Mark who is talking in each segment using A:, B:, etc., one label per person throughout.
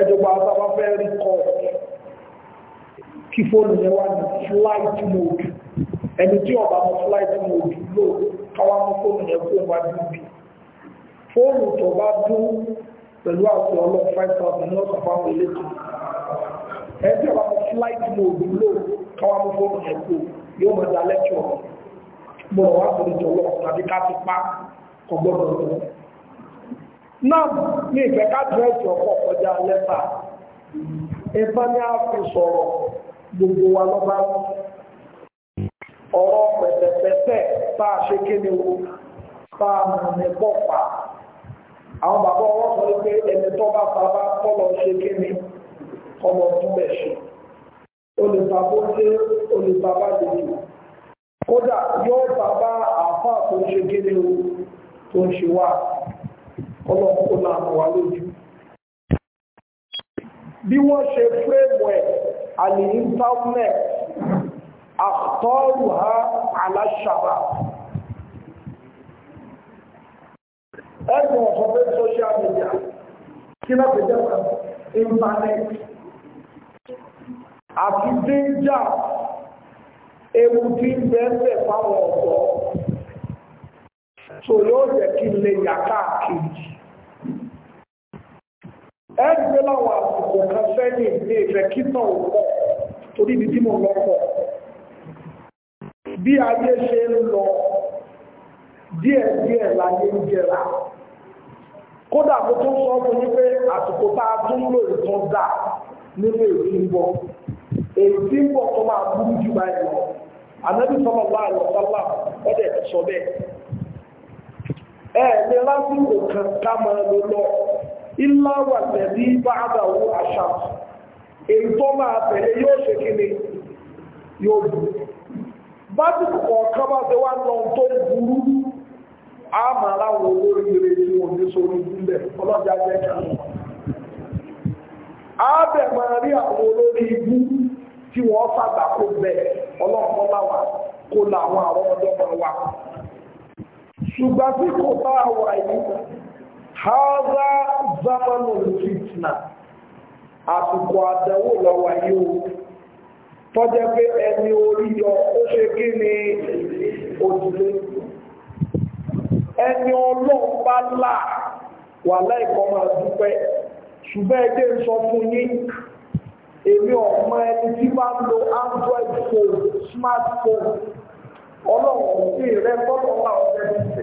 A: ẹjọba àtàwà fẹ́ rí kọ́ kí fóònù yẹn wà ní flight mode ẹni tí ọba mọ flight mode lò káwá mọ fóònù yẹn kó wá dùn bí fóònù tó bá dún pẹ̀lú àti ọlọ́ five thousand ní ọ̀sán fáwọn elétò ẹni tí ọba mọ flight mode lò káwá mọ fóònù yẹn kó yóò mọ dalẹ́kọ̀ọ́ mọ̀ wá sọ̀rọ̀ ìjọba tàbí ká ti pa kọ̀gbọ́dọ̀ lọ́wọ́ náà ní ìfẹ́ ká dírẹ́sì ọkọ̀ kọjá lẹ́fà ẹ̀fà ni a fi sọ̀rọ̀ gbogbo wa lọ́ba ọ̀rọ̀ pẹ̀tẹ̀pẹ̀tẹ̀ bá a ṣe kéde wo bá a mọ̀ ní pọ̀pà àwọn bàbá ọwọ́ sọ pé ẹni tó bá bàbá kọ́lọ̀ ṣe kéde kọ́lọ̀ tún bẹ̀ ṣe olùbàbá dé olùbàbá lòdì kódà yóò bàbá àáfàá tó ń ṣe kéde wo tó ń ṣe wá ọlọ́run kó láàmú wa lójú bí wọ́n ṣe fúrẹ́mù ẹ̀ àlìyíntánẹ́t àtọ́rù ha aláṣàbà ẹgbùn ọ̀sán pé social media kí náà fi jẹ́ internet àti danger ewu tí ń bẹ́ẹ̀ fáwọn ọ̀pọ̀ so yóò jẹ́ kí n lè yà káàkiri ẹgbẹ́ láwọn àsìkò kan sẹ́yìn ní ìfẹ́ kíntàn òpó torí ibi tí mo lọ bí ayé ṣe ń lọ díẹ̀díẹ̀ láyé ń jẹrà kódà mo tún sọ fún yín pé àsìkò tá a tún lò ìtàn dà nínú èyí ń bọ̀ èyí ń bọ̀ tó máa bá ọdẹ sọ bẹ́ẹ̀ lásìkò kan ká máa lọ lọ ilá wà tẹ̀lé báàbàwò àṣà èyí tó máa tẹ̀lé yóò ṣe kí ni yóò bù bá ti kọ̀ọ̀kan bá ti wá lọ tó burú a máa láwọn olórí rẹ̀ tí wọ́n ní sórí gúnlẹ̀ ọlọ́jà jẹ́ kí a bẹ̀ máa rí àwọn olórí ibú tí wọ́n sàgbà kó bẹ̀ ọlọ́pọ̀ láwà kó làwọn àwọn máa wà ṣùgbọ́n tí kò bá haza zamanu fitna àsìkò àdánwò lọ́wọ́ yìí o tọ́jẹ́ pé ẹni orí yọ ó ṣe kí ni òjìlé ẹni ọlọ́run bá là wà láìkọ́ máa dúpẹ́ ṣùgbọ́n ẹgbẹ́ ń sọ fún yín èmi ọmọ ẹni tí bá ń lo android phone smartphone ọlọ́run sí rẹ tọ́lọ́ wà ọ̀rẹ́ ti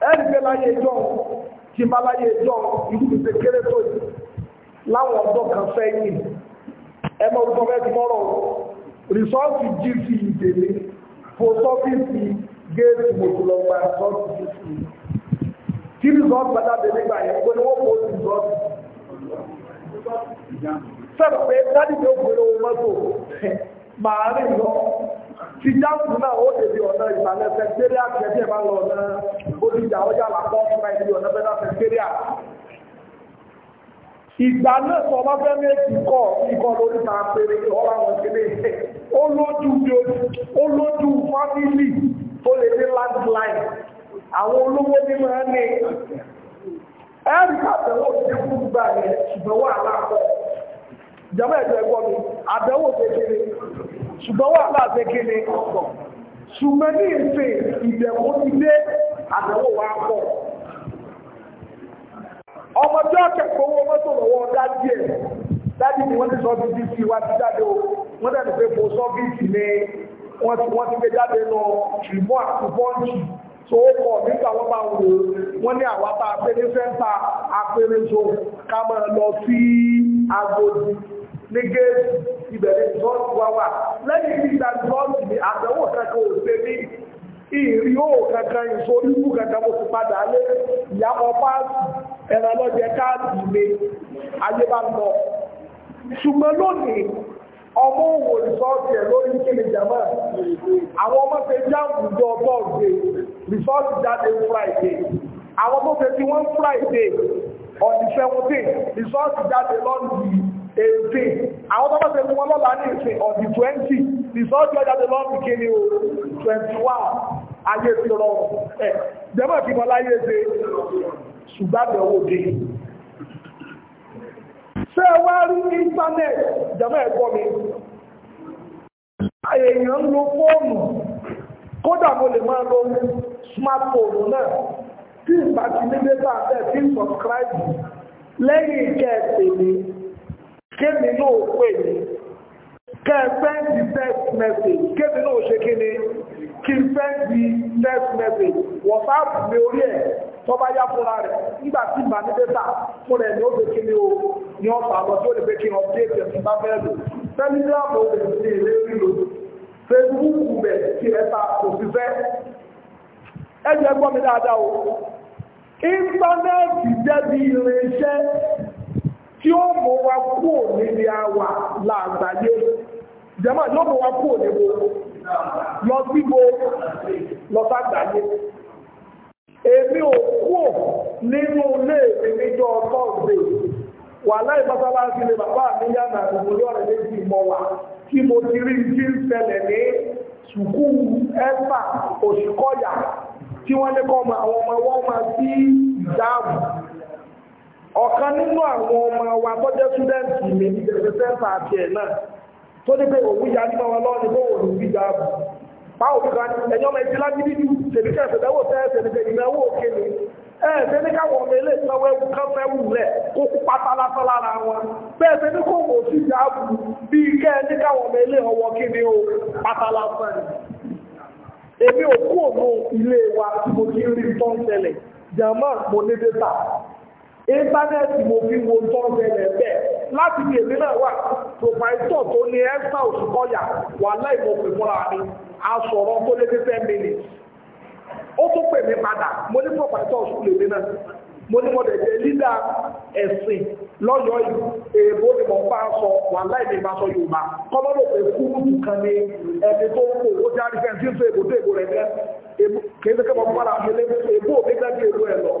A: ẹ̀ẹ́dẹ́gbẹ́ láyé jọ tí bá jọ ẹjọ́ kéré tó yìí láwọn ọ̀dọ́ kan ẹ gc ìdèlé fòsọ́fíìsì géètì mọ̀tòlọ́gbà rìsọ́ọ̀sì gc tí rìsọ́ọ̀sì padà dé nígbà yẹn pé wọ́n pé ti náà ó dèbí ọ̀nà ìsàlẹ̀ sẹ̀kẹ́rì àtẹ̀tẹ̀ ẹ̀ bá lọ ọ̀nà olùjà ọjà làpọ̀ ọ̀nà ìdí ọ̀nà bẹ́ẹ̀ náà sẹ̀kẹ́rì ìgbà náà sọ bá fẹ́ méjì kọ́ ikọ̀ lórí ọ̀rọ̀ àwọn ìpínlẹ̀ olójú tó lè landline àwọn olówó ní máa ní ẹ̀rí ìjọba ẹ̀jọ̀ ẹ̀gbọ́n mi àdánwò kékeré ṣùgbọ́n wà láti kékeré ọ̀pọ̀ ṣùgbọ́n ní ìsìn ìdẹ̀kùn ti dé àdánwò wa pọ̀ ọmọ tí ó kẹ́kọ̀ọ́ owó mọ́tò lọ́wọ́ dájú ẹ̀ dájú ni wọ́n ti sọ bí bíi tiwa ti jáde o wọ́n dẹ̀ nípe kò sọ bíi tì ní wọ́n ti wọ́n ti gbé jáde lọ ṣùgbọ́n àkùbọ́ǹjì tó kọ̀ nígbà wọ́n bá wò wọ́n ní àwa bá apẹ́rẹ́ sẹ́ńtà apẹ́rẹ́ so ká máa lọ sí Agodi ní géètì ìbẹ̀rẹ̀ ìfọ́ọ̀tì wá wà lẹ́yìn tí ìgbà ìfọ́ọ̀tì ni àtẹ̀wò kankan ò ṣe ní ìrì yóò kankan ìsorí ikú kankan mo ti padà lé ìyàwó páàsì ẹ̀rọ lọ́jẹ káàdì mi ayé bá lọ ṣùgbọ́n lónìí ọmọ òwò rìsọ́ọ̀tì ẹ̀ lórí kíni jàmọ́ àwọn ọmọ ṣe jáàmù jọ bọ́ọ̀dé rìsọ́ọ̀tì jáde friday àwọn ọmọ ṣe tí wọ́n friday on the seventeen rìsọ́ọ̀tì jáde lọ́ndì eighteen àwọn tó bá ṣe fún wọn lọ́la ní ìsìn ọ̀dì twenty ìsọ́jú ọjà tó lọ́ọ̀bì kíni o twenty one ayé ti rọrùn ẹ̀ jẹ́mọ̀ kí wọn láyé ṣe ṣùgbọ́n àbẹ̀wò dé ṣé wá rí íńtánẹ́ẹ̀tì jẹ́mọ̀ ẹ̀kọ́ mi èèyàn ń lo fóònù kódà mo lè máa lo smartphone náà tí ìgbà tí ní data bẹ́ẹ̀ tí ń subscribe lẹ́yìn ìkẹ́ ẹ̀pẹ̀ mi kémi náà pè ní kẹ́ẹ̀fẹ́ di best message kémi náà ṣe kí ni kí fẹ́ di text message WhatsApp mi orí ẹ̀ tó bá yá fúnra rẹ̀ nígbà tí màá ní data fún rẹ̀ ní ó fi kí ni o ní ọ̀sán àlọ́ tí ó lè fẹ́ kí n update ẹ̀ bá fẹ́ lò Telegram ò lè ní ilé ríro Facebook bẹ̀ kí ẹ ta kò sí fẹ́ ẹ jẹ́ gbọ́ mi dáadáa o íńtánẹ́ẹ̀tì jẹ́ bí irinṣẹ́ tí ó mú wa kúrò níbi àwà làgbáyé jẹ́mọ̀ yóò mú wa kúrò níbo lọ síbo lọ sàgbáyé èmi ò kúrò nínú ilé mi níjọ́ tọ́sídẹ̀ẹ́ wà láì mọ́sálásí ni bàbá mi yá nà gbogbo lọ́rẹ̀ méjì mọ́ wa kí mo ti rí jí ń ṣẹlẹ̀ ní sùkúù ẹ́fà òṣìkọ́yà tí wọ́n ní kọ́ àwọn ọmọ wọn sí ìdáàbò ọ̀kan nínú àwọn ọmọ wa tó jẹ́ túdẹ́ǹtì mi ní ìgbẹ̀rẹ̀ sẹ́ńtà àti ẹ̀ náà tó ní pé òun ya nípa wọn lọ́wọ́ ní bó wò ló fi dáa bù báwo fi kan ẹ̀yọ́ ọmọ ìdílá ní bíbí tèmi kẹsẹ̀ dáwọ́ sẹ́ẹ̀sẹ̀ ní tèmi náà wò ké ni ẹ̀ ṣe ní káwọn ọmọ ilé ìsanwó ẹ̀wù kan fẹ́ wù rẹ̀ kó kú pátá lásán lára wọn bẹ́ẹ̀ ṣe ní kó wò sí ìjà bù bí kẹ́ ní káwọn ọmọ ilé ọwọ́ kí ni ó pátá lásán ni èmi ò kú òun ilé wa mo kí ń rí tọ́ńtẹ̀lẹ̀ jàmá mo ní dé ta Ịntanetị mo fi wo tọ́ọ̀bẹ̀rẹ̀ bẹ́ẹ̀ láti ní èmi náà wà pòfàìtọ̀ tó ní ẹ́sà òṣùkọ́yà wà láì mo pè fúnra mi aṣọ̀rọ̀ tó lé fífẹ́ mi nì ó tún pè mí padà mo ní pòfàìtọ̀ èmi náà mo ní mo lídà ẹ̀sìn lọ́yọ̀ọ́ yìí èèbó ni mo bá sọ wà láì kan ní ẹni tó ń kó owó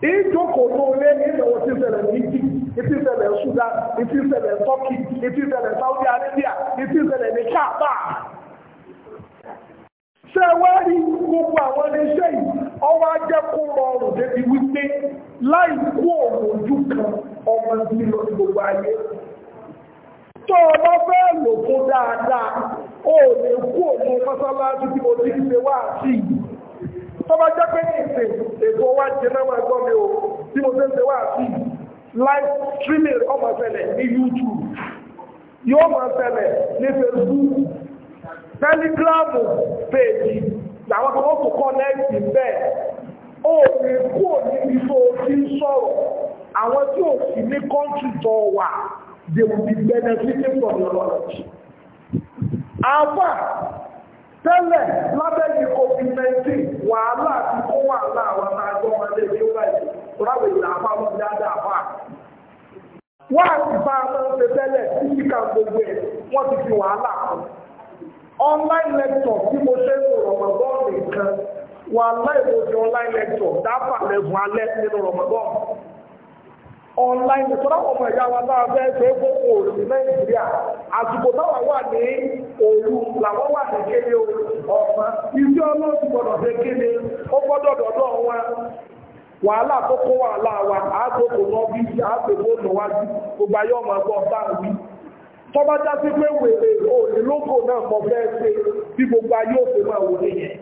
A: ìjókòó ní olé ní ìlọ́wọ́ tí ìṣẹ̀lẹ̀ ní Egypt ìtì ìṣẹ̀lẹ̀ Sudan ìtì ìṣẹ̀lẹ̀ Turkey ìtì ìṣẹ̀lẹ̀ Saudi Arabia ìtì ìṣẹ̀lẹ̀ ní Kaaba. ṣé wàá rí gbogbo àwọn iléeṣẹ́ yìí ọwọ́ ajẹ́ kó rọrùn débi wípé láì kú òun ojú kan ọmọ ní lọ sí gbogbo ayé. tó o bá fẹ́ lò fún dáadáa o ò lè kú òun mọ́sálásí tí mo ti ń ṣe wá sí i tọ́ba jẹ́ pé ní ìsìn ètò wa jẹ náà máa gbọ́ mi o tí mo fẹ́ ṣe wá sí live streaming ọmọ ṣẹlẹ̀ ní YouTube yóò máa ṣẹlẹ̀ ní Facebook Telegram page làwọn kan ó tún kọ́nẹ́ẹ̀tì bẹ́ẹ̀ ó ní kúrò níbi tó ti ń sọ̀rọ̀ àwọn tí ò sí ní kọ́ńtì tó wà they will be benefiting from your knowledge. Àfà tẹ́lẹ̀ lábẹ́ yìí covid nineteen wàhálà àti kó wàhálà àwọn àjọ wọn lè ní wáyé ráwé ìlà àpamọ́ ní adá àpá. wọ́n àti bá a máa ń ṣe tẹ́lẹ̀ títí kan gbogbo ẹ̀ wọ́n ti fi wàhálà kù. online lecture tí mo ṣe ń lò rọ̀mọ̀gbọ́n nìkan wàhálà ìwòsàn online lecture dábàá lẹ́gùn alẹ́ nínú rọ̀mọ̀gbọ́n. online sọ́dọ̀ ọmọ ẹ̀yà wa náà fẹ́ fẹ́ fún òòlù nàìjíríà àsìkò wà ní òòlù làwọn wà ní kéde ọmọ ibi ọlọ́sùn gbọ́dọ̀ fẹ́ kéde ó wàhálà tó kó wàhálà wa náà bí i àgbòkò níwájú gbogbo ayé ọmọ wí tọ́ba já sí pé wèrè lóko náà mọ fẹ́ ṣe bí gbogbo ayé òfin máa wò nìyẹn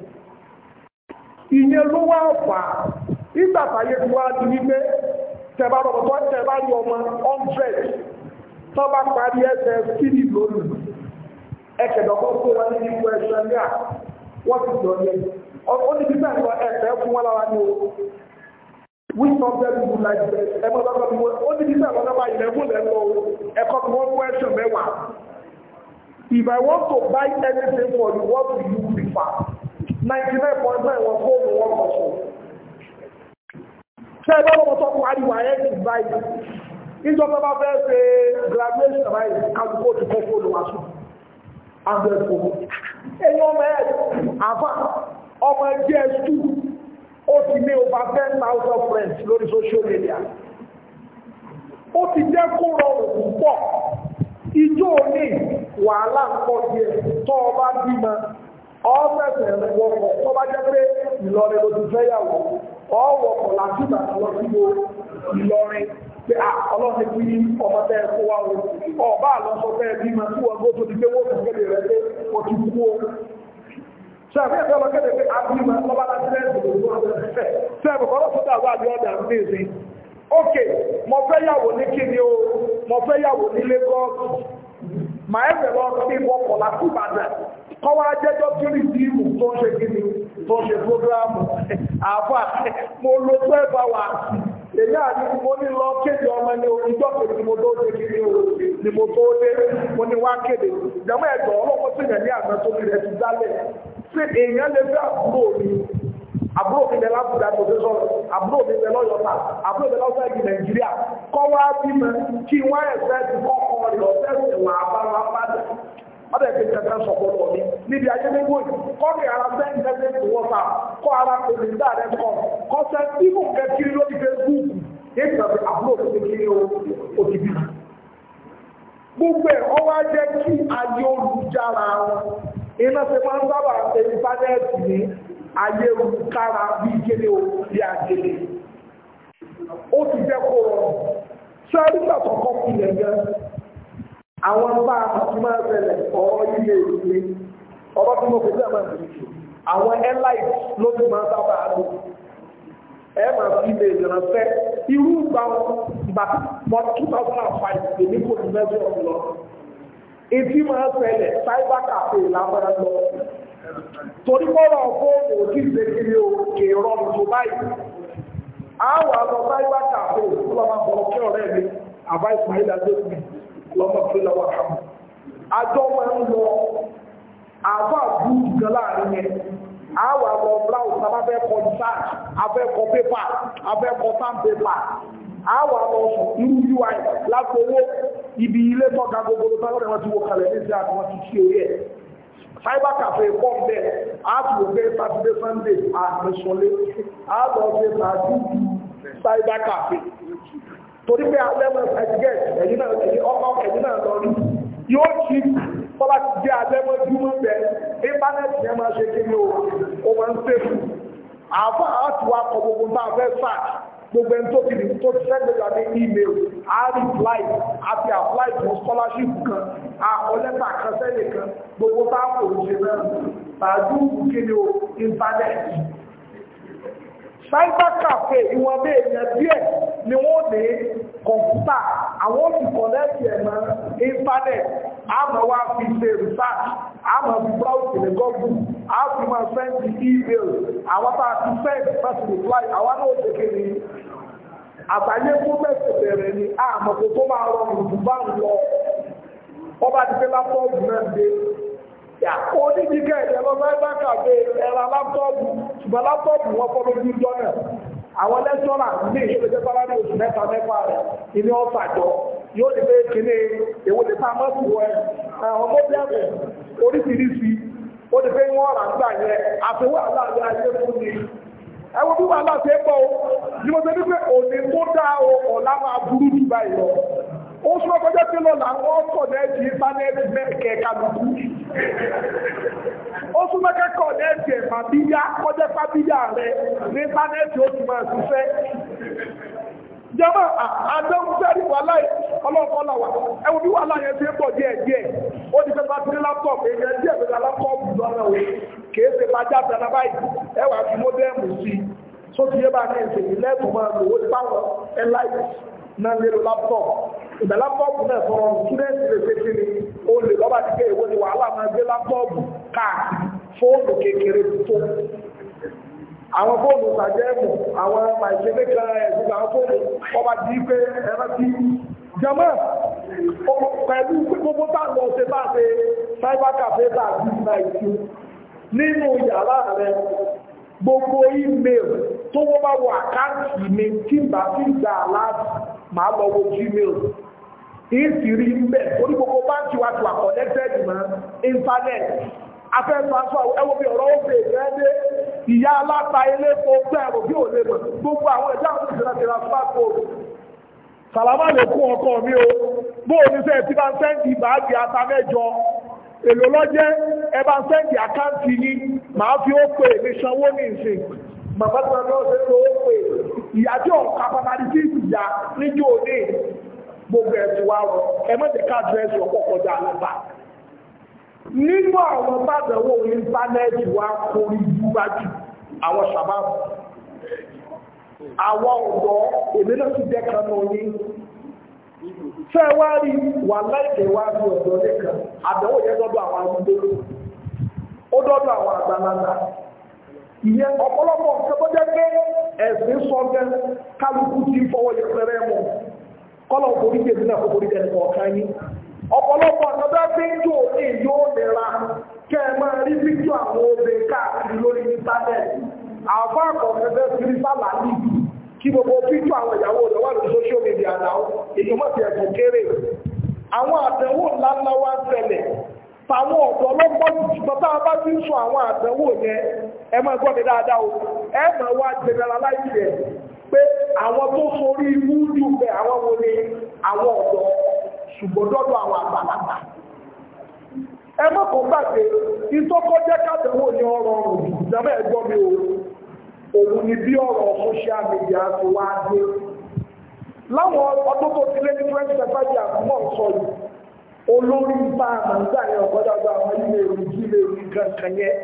A: ìyẹn tẹ̀bá rọ̀ bọ́ tẹ̀bá yọ ọmọ hundred tó bá parí ẹsẹ̀ three lónìí ẹ̀kẹ̀dọ̀kọ́ kó wọn ní ikú ẹ̀ṣẹ̀ ní à wọ́n ti jọ yẹ ó ní bí bẹ́ẹ̀ lọ ẹ̀fẹ́ fún wọn lára ní o we stop them to like this ẹ mọ́ lọ́kọ́ bí wọ́n ó ní bí bẹ́ẹ̀ lọ náà báyìí lẹ́wọ́ lẹ́wọ́ ẹ̀kọ́ bí wọ́n kó ẹ̀ṣẹ̀ mẹ́wàá If I want to buy anything for you, what ṣe ẹgbẹ́ ọmọ tó parí wà ẹ́ ti graduation báyìí kálukú ti kọ́ fóònù wá sùn àgbẹ̀ fòmù èyí ọmọ ẹ̀ ó ti ní over ten thousand friends lórí social media ó ti jẹ́ kó rọrùn púpọ̀ ìjọ òní wàhálà ń pọ̀ díẹ̀ tó o bá bímọ ọ́ fẹ̀sẹ̀ wọ̀pọ̀ tó bá pé Ìlọrin ló ti fẹ́ yàwó ọwọ́ ọ̀la tí bàtà lọ sí Ìlọrin pé ah, ọlọ́run ti ní ọmọ tẹ́ kó wá o ọba àlọ́sọ fẹ́ bí ma tí wọ́n gbóso ti gbéwó fún kéde rẹ̀ pé o ti kú o sẹ́ẹ̀fẹ́ ìfẹ́ lọ kéde pé abúlé lọ́ba láti lẹ́sìn sẹ́ẹ̀fẹ́ kọ́ lọ́sọ́dọ̀ àwọn àbí ọ̀dà ń pèsè ókè mo fẹ́ yàwó ní kíni o mo fẹ́ yàwó ní Lagos màá ẹ̀fẹ̀ lọ sí wọ́pọ̀ láti Ìbàdàn kọ́ wá jẹ́jọ́ kiri dìímù tó ń ṣe kíni tó ṣe fógráàmù àfà mo lo tó ẹ̀bà wà èyí àti mo ní lọ kéde ọmọ ní oríjọ́ kejì mo tó dé kí ni mo tó dé mo ní wá kéde ìjọba ẹ̀dọ̀ ọlọ́pọ̀ sí ìyẹn ní àná tó kiri ẹ̀sìn dálẹ̀ sí èèyàn lè fẹ́ àbúrò mi àbúrò mi bẹ lábùdá tó dé sọ̀rọ̀ àbúrò mi bẹ lọ́yọ̀ta àbúrò mi lọ́sẹ̀ ìgbì nàìjíríà kọ́ wá bímọ kí wọ́n ẹ̀fẹ́ ti kọ́kọ́ rẹ̀ ọ̀sẹ̀ ìwà àbára ọ̀dọ̀ ẹ̀fẹ̀ tẹ̀sán sọ̀kọ́lọ̀ mi níbi ayé gbogbo yìí kọ́ ní ara send message to WhatsApp kọ́ ara pèlè ní ààrẹ kọ́ kọ́ sẹ́ ibù kẹ́ kiri lórí Facebook yéé ti sọ̀rọ̀ àbúrò tó kiri òkè bí. gbogbo ẹ̀ ọ wá jẹ́ kí ayé olùjára wọn iná ṣe máa ń sábà ṣe ìfánẹ́ẹ̀tì ní ayé olùkára bí gẹ́lẹ́ o bí àgẹ́lẹ́ ó ti jẹ́ kó rọrùn sẹ́ẹ̀rì àwọn bá a ti máa bẹ̀rẹ̀ ọ̀rọ̀ ilé ìwé ọ̀rọ̀ tí mo fi bẹ́ẹ̀ máa bẹ̀rẹ̀ jù àwọn airlines ló ti máa sábà lò ẹ máa fi ilé ìrànṣẹ́ irú ìgbà ìgbà mọ́ two thousand and five èmi kò ní mẹ́jọ lọ etí máa ṣẹlẹ̀ cyber cafe lábára lọ torí bọ́lá fóònù òkè ìṣèkiri òkè rọrùn tó báyìí àwọn àlọ́ cyber cafe ló lọ́ máa bọ̀ kí ọ̀rẹ́ mi àbá ìsmail adébíyì lọ́mọ fúnlẹ̀ wà hàmù àjọ máa ń lọ àbọ̀ àbúrú gan láàrin yẹn àwọn àlọ́ blouse abẹ́kọ̀ charge abẹ́kọ̀ paper abẹ́kọ̀ sand paper àwọn àlọ́ irú ui lágbowó ibi ilé tọ́ka gbogbo táwọn ẹ̀wọ̀n ti wọ kalẹ̀ ní ìsìn àti wọn ti ṣe orí ẹ̀ cyber cafe pọ̀ ń bẹ̀ àtúwò pé sátidé sunday àmì torí pé alẹ́mọ̀ ẹ̀dígẹ́ ẹ̀yìn náà ẹ̀yìn ọkọ̀ ẹ̀yìn náà lọ rí yóò ṣí bọ́lá ti jẹ́ alẹ́mọ̀ júmọ́ bẹ́ íńtánẹ́ẹ̀tì yẹn máa ṣe kíni o ó máa ń sèkù àbá àti wa kọ gbogbo bá a fẹ́ fà gbogbo ẹni tó ti di tó ti sẹ́gbẹ̀dọ̀ ní email a reply àti apply fún scholarship kan a kọ lẹ́tà kan sẹ́yìn kan gbogbo bá a kò ṣe náà tàbí kíni o íńtánẹ́ẹ̀tì cyber cafe ìwọ̀n bí èèyàn díẹ̀ ni wọ́n ní kọ̀ǹpútà àwọn òsì kọ̀lẹ́tì ẹ̀mọ́ íńtánẹ̀tì àmọ́ wá fi ṣe research àmọ́ fi browse ní google àfi máa send email àwọn tá a ti send person reply àwọn náà ṣe kéde àgbáyé fún mẹ́sì bẹ̀rẹ̀ ni àmọ́ kò tó máa rọrùn jù bá ń lọ ọba ti fẹ́ lápọ́ọ̀bù náà dé onídìíkẹ́ ìjẹ́ lọ sáyẹ́bà kàgbé ẹ̀rọ láptọ́ọ̀bù ṣùgbọ́n láptọ́ọ̀bù wọn fọ́ lójú jọ́nà àwọn lẹ́tọ́rà ní ìṣẹ̀lẹ̀ jẹ́ sáláàdì oṣù mẹ́ta mẹ́fà rẹ̀ ilé ọ̀fà jọ yóò ní pé kíní èwo ní ta mọ́ sí àwọn oríṣiríṣi ó wọ́n rà yẹn aláàbí ayé fún ẹwọ bí wàhálà ṣe o ni mo ṣe ní pé òní tó dáa o ọ̀la máa burú jù ó súnmọ́ kọjá pé lọ́la wọ́n kọ̀ nẹ́ẹ̀tì íńtánẹ́ẹ̀tì kálukú ó súnmọ́ kẹ́kọ̀ọ́ nẹ́ẹ̀tì ẹ̀fà kọjá pábíyá rẹ̀ ní íńtánẹ́ẹ̀tì ó ti máa ṣiṣẹ́ jẹ́mọ́ àdéhùnsẹ́rì wà láì ọlọ́ọ̀kọ́lá wa ẹ̀wọ̀n bí wà láyé ṣe ń bọ̀ díẹ̀ ó ti bá ti ní èèyàn o kìí ṣe máa ẹwà fi sí i bá ní ìṣèlú ti náà lérò ìgbà lápọ́ọ̀bù náà sọ̀rọ̀ túnẹ́ẹ̀sì lè ṣe kíni ó lè lọ́ba ti gbé ìwé ni wàhálà máa gbé lápọ́ọ̀bù káàkiri fóònù kékeré tó àwọn fóònù sàjẹ́mù àwọn màìkéde kan ẹ̀sùn àwọn fóònù ọba ti pé ẹ̀rọ ti jama pẹ̀lú gbogbo tá à ń lọ ṣe bá ṣe cyber cafe tá à ti ṣe ìṣú nínú yàrá rẹ gbogbo email tó wọ́n bá wọ àkáǹtì mi tí bá fi gbà màá lọ wo gmail èsì rí mbẹ orí gbogbo báńkì wa ti wà connected mọ́ internet afẹ́fẹ́ aṣọ ẹwọ́ bí ọ̀rọ̀ òfin ìrẹ́dẹ́ ìyá aláta ilé ọgbẹ́ ẹ̀rọ bí ò lè mọ̀ gbogbo àwọn ẹ̀dá àwọn ìṣẹ̀lẹ̀ ti ra smartphone sàlámà lè kún ọkọ mi o bó o ní sẹ́ ti bá ń sẹ́ǹdì báàgì ata mẹ́jọ èlò lọ́jẹ́ ẹ bá ń sẹ́ǹdì àkáǹtì yìí màá fi ó pè mí sanwó ní ìsìn màmá tí wọn lọ sí lówó ìyá tí òun ká pàtàkì sí ìyá níjó òde gbogbo ẹ̀sì wa rọ ẹ má jẹ́ ká dírẹ́sì ọ̀pọ̀ kọjá lọ́ba nínú àwọn bàbẹ̀wò íńtánẹ́ẹ̀tì wa kórí gbúgbájú àwọn sàbáàbù àwọn ọ̀dọ́ èmi náà ti jẹ́ kan náà ní fẹ́ wá rí wà láìpẹ́ wá ní ọ̀dọ́ nìkan àbẹ̀wò yẹn dọ́dọ̀ àwọn arúgbó ó dọ́dọ̀ àwọn àgbàlagbà ìyẹn ọ̀pọ̀lọpọ̀ nǹkan tó jẹ́ pé ẹ̀sìn sọ jẹ́ kálukú tí ń fọwọ́ yẹ pẹrẹ mọ́ kọ́lọ̀ orí jẹ́ ìdílé àkókò orí jẹ́ ọ̀kan yín ọ̀pọ̀lọpọ̀ nǹkan tó jẹ́ pé yóò ní yóò nira kẹ́ ẹ máa rí fídíò àwọn obìnrin káàkiri lórí íńtánẹ́ẹ̀tì àwọn akọ̀ọ̀kan fẹ́ fi rí sálàlì kí gbogbo fídíò àwọn ìyàwó rẹ̀ wà lórí social media náà èyí mọ̀ sí ẹ̀kọ́ kéré àwọn àtẹ̀wò ńláńlá wá ń ṣẹlẹ̀ fàwọn ọ̀dọ́ lọ́pọ̀ ṣùgbọ́n tá a bá ti ń sọ àwọn àdánwò yẹn ẹmọ máa dáadáa o ẹmọ máa wá generalize pé àwọn tó forí irú bẹ àwọn wo ni àwọn ọ̀dọ́ ṣùgbọ́n dọ́dọ̀ àwọn àgbàlagbà ni ọ̀rọ̀ ọ̀rùn ìjọba o òun ni bí ọ̀rọ̀ wá dé láwọn ọdún tó ti lé ní olórí bá àmàǹdà yẹn ọ̀gbọ́dọ̀gbọ́ àwọn ilé ìrìn jílé ìrìn kankan yẹn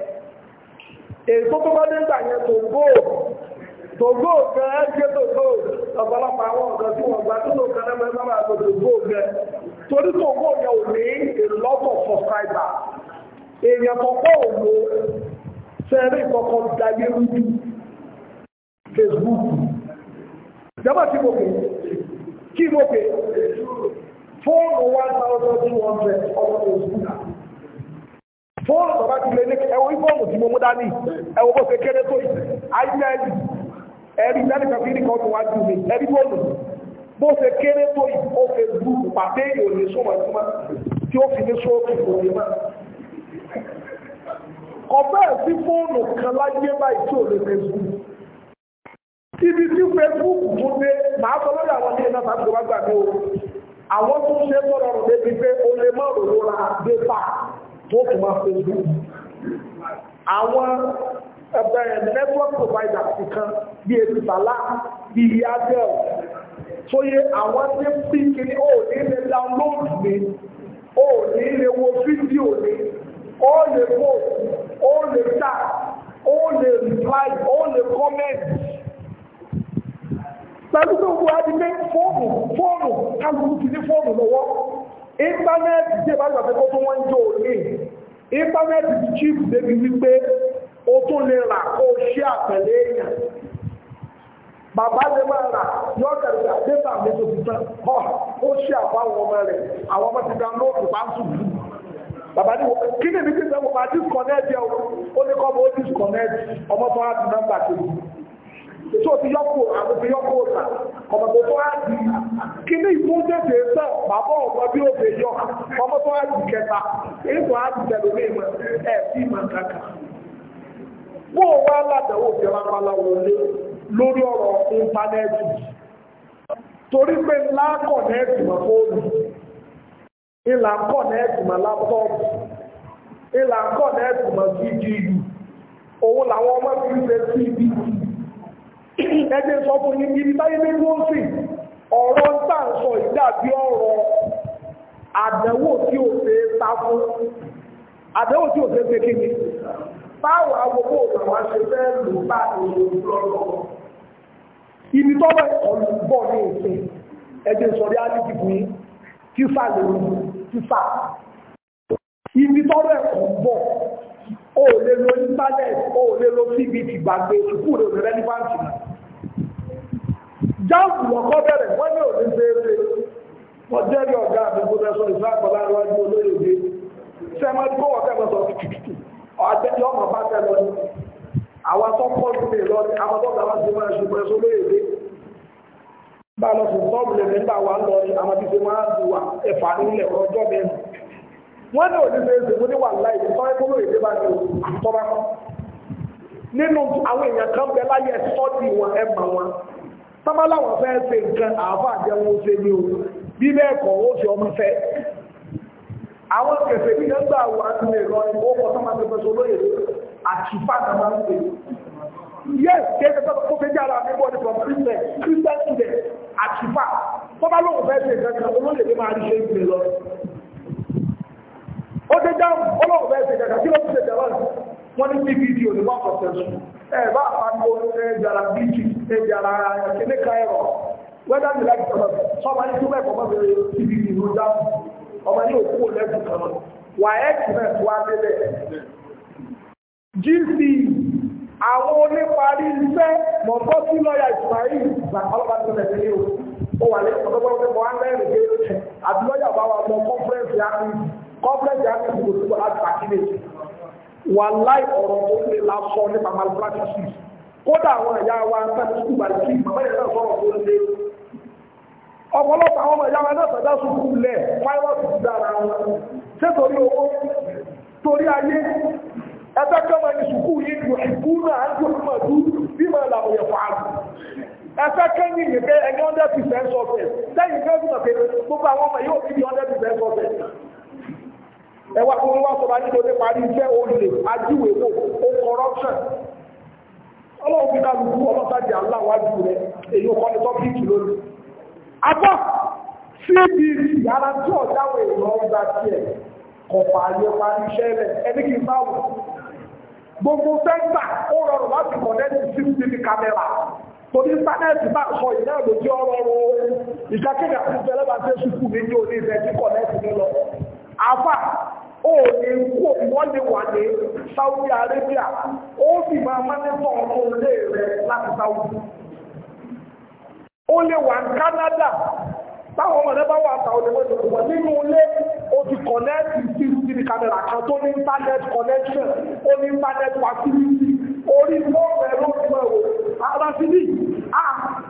A: èso tó bá nígbà yẹn tògbò tògbò gan ẹgbẹ́ tògbò ọ̀pọ̀lọpọ̀ àwọn ọ̀gá tí wọ́n gbà tó lóòkan náà máa bá àgbà tògbò gan torí tògbò yẹn ò ní a lot of subscriber èèyàn kọ̀ọ̀kọ́ ò lo sẹ́rí kọ̀ọ̀kan dayé rújú Facebook jọba kí mo pè kí mo pè fóònù one thousand two hundred ti lè ní ẹwọ ìfọ́ọ̀mù tí mo mú dání ẹwọ bó ṣe kéré tó ìdáni kàfí ní kọ́ọ̀tù wájú mi fóònù bó ṣe kéré tó ó fẹ́ bú ìròyìn sọ́mọ̀ tí ó fi ní sóòtù ìròyìn mọ́ kọ̀fẹ́ sí fóònù kan láyé báyìí tí ò lè fẹ́ bú ibi tí dé màá sọ àwọn àwọn tó ṣe tó rọrùn débi pé o lè má rò lóra gbé pa tó tún máa fi ojú àwọn ẹgbẹ́ network provider kan bí etisala bí yadel tó yẹ àwọn tí ń pín kiri ó ní lè download mi ó ní lè wo fídíò mi ó lè post ó lè chat ó lè reply ó lè comment pẹ̀lú tó wọ́n á di pé fóònù fóònù kálukú ti ní fóònù lọ́wọ́ íńtánẹ́ẹ̀tì tí ìbá gbàgbé kó tó wọ́n ń jó òní íńtánẹ́ẹ̀tì ti chip débi wípé o tó lè rà kó o ṣe àtẹ̀lé èèyàn bàbá lè máa rà yọ kẹrìndà débà mi tó ti tán ọ ó ṣe àbáwọn ọmọ rẹ àwọn ọmọ ti dá lóòtù bá ń sùn jù bàbá ní kí ni mi ti sẹ́wọ̀n máa disconnect yẹ o ó ní kọ́ ọmọ ó disconnect ọmọ fún àdùnnà gbàgbé tó ti yọ́pò àwọn ti ọ̀tà ọmọ tó tó á kí ní ìfún tètè sọ bí ó fẹ́ yọ ọmọ tó á kẹta ètò á di ní ìmọ̀ ẹ̀ ìmọ̀ kankan. bó o wá ládàáwò ìjọba wọlé lórí ọ̀rọ̀ íńtánẹ́ẹ̀tì torí pé ńlá fóònù ẹgbẹ́ sọ fún yín ibi táyé lẹ́nu ó sì ọ̀rọ̀ ń tà ń sọ ìdàbí ọ̀rọ̀ àdánwò tí ò ṣe é sá fún àdánwò tí ò ṣe é ṣe kí ni báwo agbogbo òṣàwà ṣe fẹ́ lò bá òṣèlú lọ́wọ́ ibi tọ́wọ́ ọ̀lù bọ̀ ní òfin ẹgbẹ́ sọ̀rí alìdìbò yìí tífà lòun tífà ibi tọ́wọ́ ẹ̀kọ́ bọ̀ o ò lè lo internet o ò lè lo cbt gbàgbé sùkúrò rẹ̀ rẹ́lífàǹtì náà jáàmù lọ́kọ́ bẹ̀rẹ̀ wọ́n ní òní fèrè wọ́n jẹ́rìí ọ̀gá àti pọ́fẹ́sọ ìsáàkọ̀ láríwájú olóyèdè sẹ́mọ́tì kó wọ́n kẹ́kọ̀ọ́ sọ tututu ọ̀jẹ́jẹ́ ọmọ bá tẹ lọ ní àwọn atọ́pọ̀ nílé lọ ní àwọn tọ́gbà wá sí máa ṣe pẹ́sọ olóyèdè bá lọ fún tọ́ọ̀bù lè nígbà wà lọ ní àwọn ti fi máa ń wà ẹ̀fà nílẹ̀ ọjọ́ mẹ́rin wọ́n ní òní fèrè mo ní wà láì nínú àwọn èèyàn kan bẹ láyé ẹ̀sọ́ọ̀dì wọn ẹ̀ mà wọn tọ́bá láwọn fẹ́ ṣe nǹkan àáfà jẹun ó ṣe ní o bí bẹ́ẹ̀ kọ̀ ó ṣe ọmọ fẹ́ àwọn kẹfẹ́ bí nígbà wà ní ẹ̀rọ ìwọ ọkọ̀ tó máa tẹ̀sẹ̀ sọ lóye àtìfà náà máa ń pè yes kéde tó kó fẹ́jẹ́ ara mi bọ́ọ̀dì from christian christian student àtìfà tọ́bá lóun fẹ́ ṣe nǹkan kan olóyè ló máa rí ṣe ìpè lọ ó ṣe dáhùn olóhùn fẹ́ ṣe nǹkan kí ló ti ṣe jàwọ́ wọn ní bí fídíò ní wọ́n kọ̀ ẹ̀bá àpapọ̀ ẹjàrà bíjì ẹjàrà kìnníkà ẹ̀rọ whether you like or not sọba ní túbẹ̀ kọ́ mọ́bẹ̀rẹ̀ tv ìlú dáhùn ọmọ ní òkú lẹ́sùn kan wà ẹ́ tì náà tó adélẹ̀ gc àwọn oníparí iṣẹ́ mọ̀tọ́ sí lọ́ọ̀yà Ismail là ọlọ́pàá tó lẹ̀ sílé o ó wà lẹ́yìn ọ̀dọ́gbọ́n pé mo á mẹ́rin dé àti lọ́ọ̀yà bá wa mọ kọ́fẹ́rẹ́nsì àmì kọ́fẹ́rẹ́nsì àmì ìgbòsíwò láti pàkíyèsí wà láì ọ̀rọ̀ tó lè la sọ nípa malpractices kódà àwọn ẹ̀yà wa ń tẹ́lẹ̀ sùkúù bá ìkí bàbá yẹn náà sọ̀rọ̀ tó lé ọ̀pọ̀lọpọ̀ àwọn ẹ̀yà wa náà tẹ̀dá sùkúù lẹ̀ fáírọ́ọ̀sì ti dára wọn ṣé torí owó torí ayé ẹgbẹ́ kọ́mọ ní sùkúù yìí ju ìkú náà ń dùn mọ̀ dú bí mọ̀ làwọn yẹn fàá ẹfẹ́ kẹ́yìn yìí pé ẹni hundred percent sọ̀tẹ̀ lẹ́yìn kẹ́yìn mọ̀ pé gbogbo àwọn ọmọ yóò fi di hundred ẹwà tó wá sọ̀rọ̀ ayé ló parí iṣẹ́ olè ajíwèwò ó corruption ọlọ́run fi kálukú ọlọ́sàdì aláwájú rẹ èyí ò kọ́ni lónìí. cbc ara tí ọ̀dáwọ̀ èèyàn ọgbà tiẹ̀ kọ̀pà ayé iṣẹ́ rẹ̀ ẹni kì í bá wù. gbogbo sẹ́ńtà ó rọrùn láti kọ̀nẹ́tì cctv kámẹ́rà torí bá sọ ìná lójú ìjákèjì àti ìfẹ́lẹ́bàṣẹ́ sùkúù méjì ó ní kú wọ́n lè wà ní Saudi Arabia ó sì máa mánítọ̀ ọkọ̀ ilé rẹ̀ láti Saudi ó lè wà ní Canada táwọn ọmọ rẹ̀ bá wà Saudi wọ́n ti wọ́n nínú ilé ó ti connect sí síbi camera kan tó ní internet connection ó ní internet facility orí fọ́ọ̀mù ẹ̀rọ ìgbà wo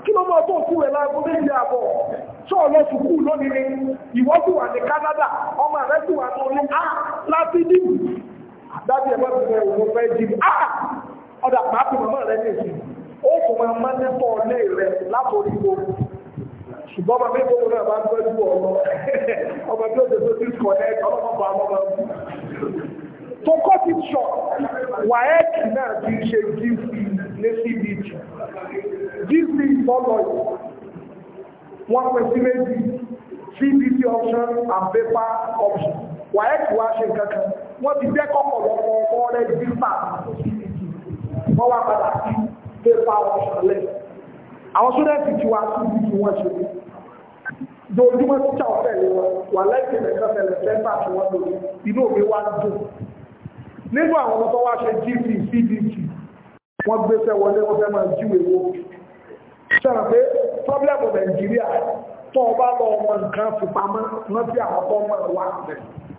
A: kí ló tó rẹ̀ méjì àbọ̀ tí ọ̀lọ́ sùkúù lónìí ni ìwọ sì wà ní Canada ọmọ rẹ sì wà ní orí ah láti dì àdájọ ẹgbẹ́ mi rẹ òun fẹ́ jì ah ọ̀dà pàápàá màmá rẹ ní èsì ó sì máa má nẹ́tọ̀ ọ̀lẹ́ rẹ látòrí gbò ṣùgbọ́n ọmọ mi gbogbo náà bá ń gbẹ́jú ọ̀rọ̀ ọmọ tó ṣe tó ti kọ̀ ẹ́ ọlọ́mọba ọmọ to cut it short waec náà ti ṣe gc ní cbt gc follow wọ́n pẹ̀ sí méjì cbt option and paper option wàhálà tí wàá ṣe nǹkan kan wọ́n ti jẹ́ kọ́kọ̀lọ́kọ̀ ọmọ rẹ̀ dípà wọ́n wá padà sí paper option lẹ̀ àwọn sódẹ́ẹ̀tì tí wàá sí ibi tí wọ́n ṣe dojúmọ́ títà ọ̀fẹ́ ni wọn wà lẹ́yìn ìrẹ̀kẹ́fẹ̀lẹ̀ sẹ́ńtà tí wọ́n lò inú mi wá dùn nínú àwọn ọmọ tó wá ṣe gp cbt wọ́n gbéṣẹ́ wọlé wọ́n fẹ́ máa jíwèé wọ́n sọ̀rọ̀ pé pọ́blẹ́mù nàìjíríà tó ọba lọ ọmọ nǹkan fipamọ́ wọ́n fi àwọn ọmọ wa rẹ̀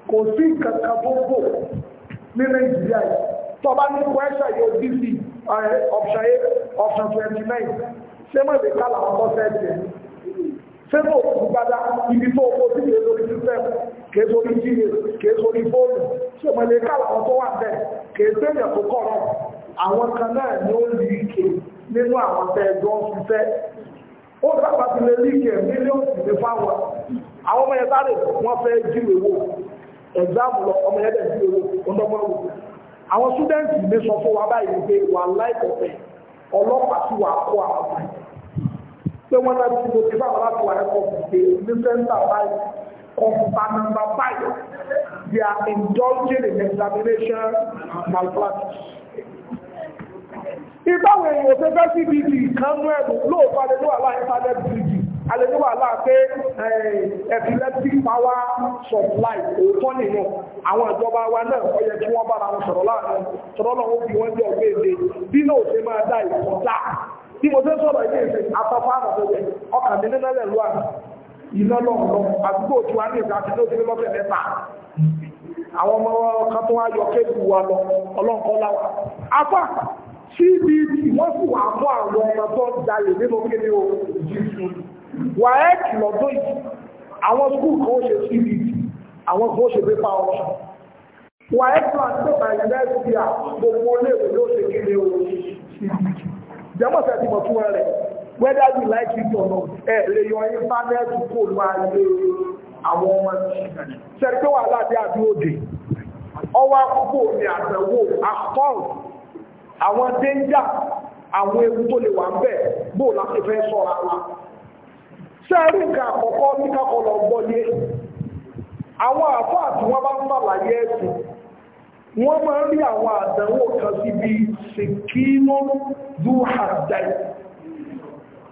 A: kò sí nǹkan kan tó bò ní nàìjíríà yìí tó ọba ní kwẹ́sà yóò bí sí eh, option eight option twenty nine ṣé mọ̀ lè ká làwọn bọ́ sẹ́ẹ̀tì ẹ̀ ṣé mọ̀ òkú gbada ibi tó owó sí kèé sórí system kèé sórí jíire kèé sórí fóònù ṣé mọ̀ lè ká làwọn tó wà bẹ́ẹ̀ kèé sẹ́yìn tó kọ̀ náà àwọn kan náà ni ó lè ké nínú àwọn tẹ́ẹ̀dọ́ ṣiṣẹ́ ó dábàá ti lè líkẹ̀ mílíọ̀nù ní fáwọn àwọn ọmọ yẹn sáré wọ́n fẹ́ jíwèé wò ẹ̀gbáàmù lọ ọmọ yẹn dẹ̀ jíwèé wò ọdọ́gbọ́n wò àwọn súdẹ́ǹtì mi sọ fún wa báyìí pé wà láìpọ̀pẹ̀ ọlọ́pàá sí wà kó àwọn ọmọ yẹn pé wọ́n náà ti mo ti bá wọn láti wà ẹ̀kọ́ pé they are indulging in examination malpractice ìbáwọn èèyàn tó fẹ́ sí bíbí ìkánú ẹ̀rù lóòótọ́ alẹ́ níwà láàyè sáré bíbí alẹ́ níwà láàpé epileptic power supply òótọ́ nìyàn àwọn ìjọba wa náà ó yẹ kí wọ́n bára wọn sọ̀rọ̀ láàrin sọ̀rọ̀ náà ó fi wọ́n jẹ́ ọ̀gbẹ́ èdè bí náà ò ṣe máa dá ìkọjá tí mo fẹ́ sọ̀rọ̀ ilé ìfẹ́ afọ́fọ́ àmọ̀tẹ́jẹ ọkàn mi nínú ẹlẹ́lu à iná lọ́ọ̀lọ́ àdúgbò tí wàá ní ìgbà àti ní òṣèlú lọ́fẹ̀ẹ́ mẹ́ta àwọn ọmọ kan tó wá yọ kébù wa lọ ọlọ́nkọ́ láwa. afa CBT wọ́n sì wà mú àwọn ọmọ tó ń jalè nínú kíni o jíṣu WAEC lọ́dún yìí àwọn skul kan ó ṣe CBT àwọn kan ó ṣe pépà ọ̀ṣọ́ WAEC plan tó bá yunifásitì à gbogbo olóòwò ló ṣe kíni o CBT jẹ́mọ̀sẹ̀ ti mọ̀ fún ẹ rẹ̀ whether you like it or not ẹ lè yan íńtánẹ́ẹ̀tì kò máa lé àwọn ọmọ ṣẹ́ni pé wàhálà dé àbí òde ọwọ́ àkókò ní àtẹ̀wò àkọ́ọ̀tù àwọn danger àwọn ewu tó lè wà ń bẹ̀ bó láti fẹ́ sọ́ra wa sẹ́ẹ̀rí nǹkan àkọ́kọ́ ní kákọlọ̀ gbọ́lé àwọn àfáà tí wọ́n bá ń bàlàyé ẹ̀sùn wọ́n máa ń rí àwọn àdánwò kan sí bí sìkínú dúhàdáì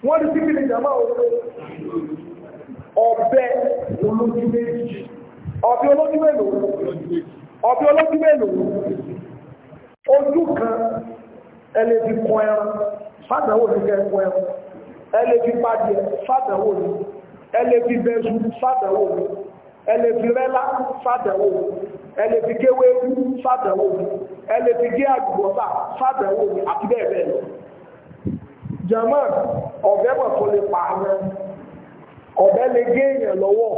A: wọ́n rí sí bíi ìjàmbá òwe ọ̀bẹ olójú ọ̀bẹ olójú ojú kan ẹlẹ́ fi kún ẹran fàdánwò ní kẹ́ kún ẹran ẹlẹ́ fi pàdé fàdánwò ní ẹlẹ́ fi bẹ́sù fàdánwò ní ẹlẹ́ fi rẹ́lá fàdánwò ní ẹlẹ́ fi kéwé fàdánwò ní ẹlẹ́ fi gé àgbọ̀sà fàdánwò ní àti bẹ́ẹ̀ bẹ́ẹ̀ lọ jama ọ̀bẹ mọ̀ tó lè pààyàn ọ̀bẹ lè gé èèyàn lọ́wọ́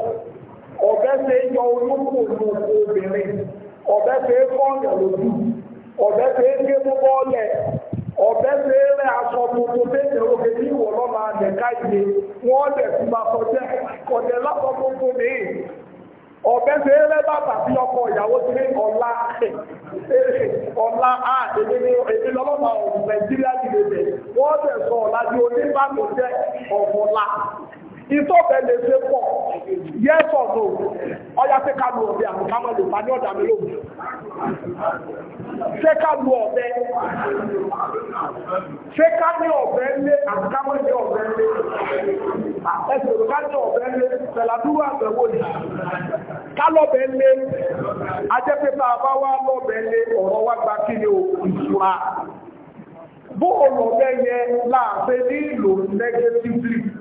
A: ọ̀bẹ ṣe yọ olókùn ní obìnrin ọ̀bẹ ṣe fọ́ọ̀yàn lójú ọ̀bẹ ṣe é gé mú bọ́ọ̀lẹ̀ ọ̀bẹ ṣe é rẹ aṣọ tuntun tẹ̀sẹ̀ oge ní ìwọ̀ lọ́la àdẹ̀ká ìdè wọ́n lẹ̀ fún ma sọjẹ́ ọ̀dẹ̀ lásọ tuntun ní ọ̀bẹ ṣe é rẹ bàbà bí ọkọ ìyàwó ti ní ọ̀la ọ̀la a èmi ni èmi lọ́lọ́mà ọ̀hún Nàìjíríà dìde bẹ̀ wọ́n lẹ̀ sọ ọ̀la di onígbàgbọ́jẹ́ ọ̀bọ̀la ìtọ́fẹ́ lè ṣe pọ̀ yes or no ọya pé ká lu ọ̀bẹ àmì kámọ́ lè pàdé ọ̀dà mi lóògùn ṣé ká lu ọ̀bẹ ṣé ká ní ọ̀bẹ lé àmì kámọ́ lé ọ̀bẹ lé ẹsẹ̀ òrùka ní ọ̀bẹ lé pẹ̀ládúró àbẹ̀wò yìí ká lọ́bẹ lé ajẹ́pẹ́ bá lọ́bẹ lé ọ̀rọ̀ wá gba kí ni o bó o láàfin ní ìlò negatively.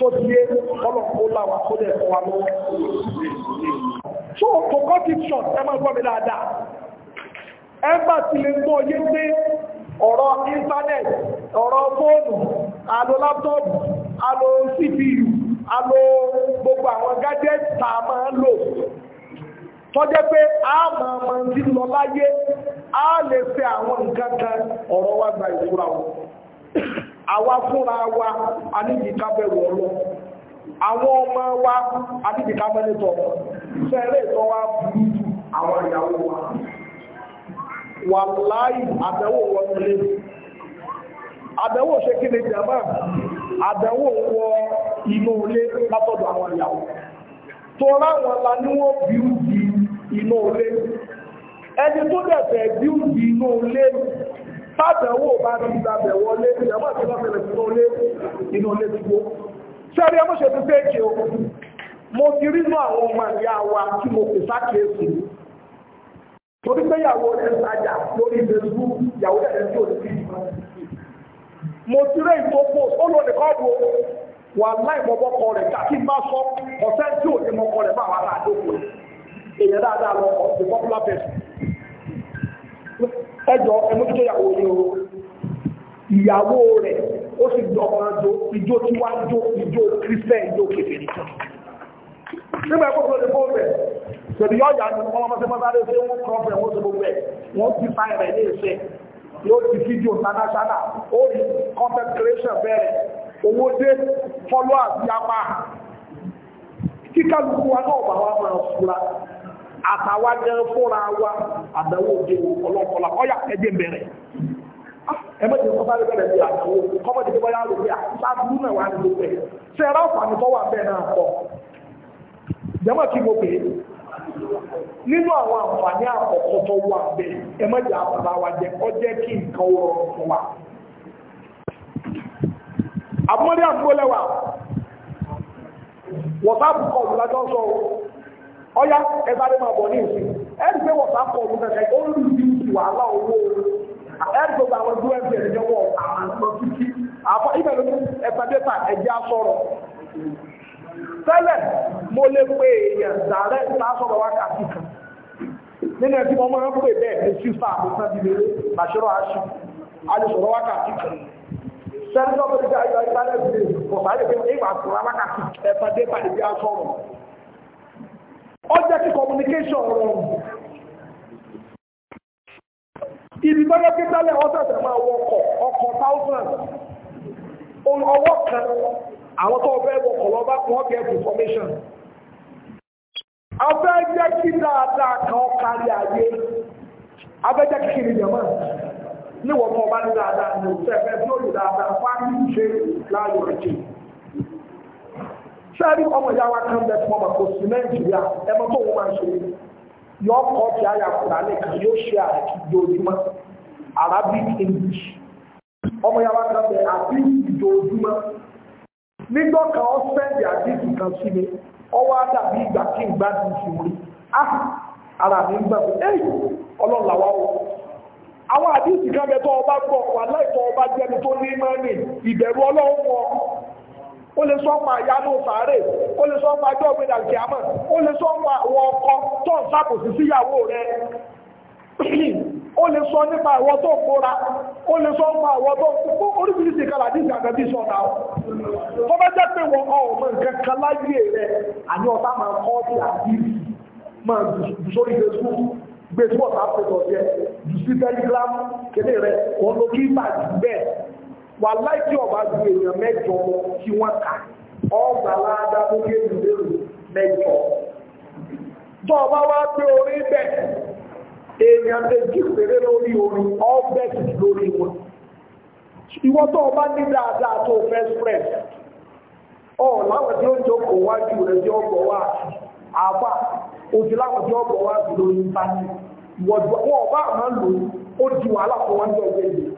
A: tó díé ọlọ́pọ̀ láwọn fún wa lọ́wọ́. so contradiction ẹ máa gbọ́ mi dáadáa ẹ bá ti lè gbọ́ yé pé ọ̀rọ̀ internet ọ̀rọ̀ fóònù alo laptop alo cpu alo gbogbo àwọn gadget tá a máa ń lò tọ́jẹ́ pé a máa a lè fẹ́ àwọn nǹkan kan ọ̀rọ̀ gba àwa fúnra wa a níbi ká bẹ̀rù ọlọ́ àwọn ọmọ wa a níbi ká mẹ́lẹ́tọ̀ fẹ́rẹ́ ìtọ́ wa burú àwọn ìyàwó wa wà láì àbẹ̀wò wọn lé àbẹ̀wò ṣe kí ni jàmá àbẹ̀wò wọ inú ilé látọ̀dọ̀ àwọn ìyàwó tó ráwọn la ní wọ́n bíú inú ilé ẹni tó dẹ̀ fẹ́ inú ilé Bábẹ̀wò bá ti gbàbẹ̀ wọlé, ìjọba ti lọ́fẹ̀ rẹ̀ sínú ilé, inú ilé gbogbo. Sẹ́rí ọmọ ṣe ti péèkì o, mo ti rí inú àwọn ọmọ ìyá wa tí mo pè sákèésì. Torí pé ìyàwó rẹ̀ sájà lórí Facebook, ìyàwó rẹ̀ tí ò ní sí ìgbà. Mo ti rí ìtòkò, ó lò ní kọ́ọ̀bù wà láì mọ́bọ́kọ rẹ̀ kàkí má sọ, bá wà láàdókò. popular person ẹjọ́ ẹmójútó ìyàwó ni o ìyàwó rẹ̀ ó sì dọ́kọ̀ ọjọ́ ìjó tí wá jó ìjó kírísítẹ́ ìjó kèfèrè nígbà ẹ̀kọ́ tó lè fọ́ bẹ̀ pẹ̀lú yọ́ọ̀yà ni wọ́n máa fẹ́ máa sáré ṣe wọ́n kọ́ ọ̀fẹ́ wọ́n ṣe gbogbo ẹ̀ wọ́n ti fa ẹ̀rẹ̀ ní ìṣe yóò ti fídíò international ó rí content creation bẹ̀rẹ̀ owó kíkàlùkù wa náà bá wà máa fura àtàwa gan fúnra wa àdánwò òde ọlọ́kọlá ọ̀yà ẹgbẹ́ bẹ̀rẹ̀ ẹgbẹ́jì kọ́ sáré bẹ̀rẹ̀ bí àdánwò kọ́mọ̀ ti gbọ́ yá lò pé àtàkùn ah, náà wà ní gbogbo ẹ̀ ṣe ẹ̀rọ àǹfààní tó wà bẹ́ẹ̀ náà pọ̀ jẹ́mọ̀ kí mo pè é nínú àwọn àǹfààní àkọ́kọ́ tó wà bẹ́ẹ̀ ẹgbẹ́jì àbàbà wa jẹ́ ọjẹ́ kí nǹkan ó rọrùn fún wa àbúmọ́lé àbúgbó lẹ́wà wọ́n sábà kọ̀ ọya ẹgbẹ́ adé máa bọ̀ ní ìsìn ẹni pé wọ́n dị ọdún kankan ó ń lù sí wàhálà owó ẹni tó gba àwọn ẹgbẹ́ ẹgbẹ́ ẹgbẹ́ wọ̀ àwọn ọmọ títí àfọ ibẹ̀ ló ní ẹgbẹ́ dẹ́ta ẹ̀jẹ̀ bẹ́ẹ̀ bíi wákàtí ó jẹ́ kí communication rọrùn ibi tọ́jọ́ pé tẹ́lẹ̀ ọ́sẹ̀sẹ̀ máa wọ ọkọ̀ ọkọ̀ thousand ọwọ́ kan àwọn tó fẹ́ wọkọ̀ lọ́ba wọ́n get information abẹ́ jẹ́ kí dáadáa kan kárí ayé abẹ́ jẹ́ kí kiri jẹ̀mọ́ níwọ̀n kan ọba ní dáadáa ní òṣèlú ẹgbẹ́ tí ó lè dáadáa fún àmì ìṣe láàyò ẹ̀jẹ̀. sáré ọmọ ìyá wa kan bẹ fún ọmọ ẹ máa ṣe yọ ti nìkan yóò ṣe àrẹ arabic english ọmọ nígbà ọ sẹ́ndì kan sí mi ọwọ́ àdàbí ìgbà sí mi ah ara mi ń gbà pé ẹ ọlọ́run làwa ọba gbọ wà ọba tó ní mọ́ni ìbẹ̀rù ọlọ́run ó lè sọ pa ìyanu sàárè ó lè sọ pa ẹjọ́ ìgbéga ìkìámọ̀ ó lè sọ pa àwọn ọkọ tó ń sàkòsí síyàwó rẹ̀ ó lè sọ nípa àwọn tó kóra ó lè sọ nípa àwọn tó kó oríṣiríṣi kan láti ìjà àgbẹ̀bí sọ náà tó bá jẹ́ pé wọn ọmọ nǹkan kan láyé rẹ̀ àní ọ̀tá máa kọ́ sí àbí máa jù sórí Facebook gbé tí wọ́n sá pẹ̀lú ọ̀jẹ́ jù sí Telegram kéde rẹ̀ wọ́n lo kí bàjẹ́ bẹ́ẹ̀ wà láìsí ọba ju èèyàn mẹ́jọ tí wọ́n kà ọgbà láàdá tó gé ìlérò mẹ́jọ tó ọba wá gbé orí bẹ̀ èèyàn méjì péré lórí orin ọgbẹ́ lórí wọn ìwọ tó ọba ní dáadáa tó fẹ́ spread ọ láwọn tí ó ń jókòó wájú rẹ̀ tí ó gbọ̀ wá àbá òjì láwọn tí ó gbọ̀ wá lórí bá ti wọ́n ọba àmọ́ lò ó di wàhálà fún wọn jọ ìgbẹ́ yìí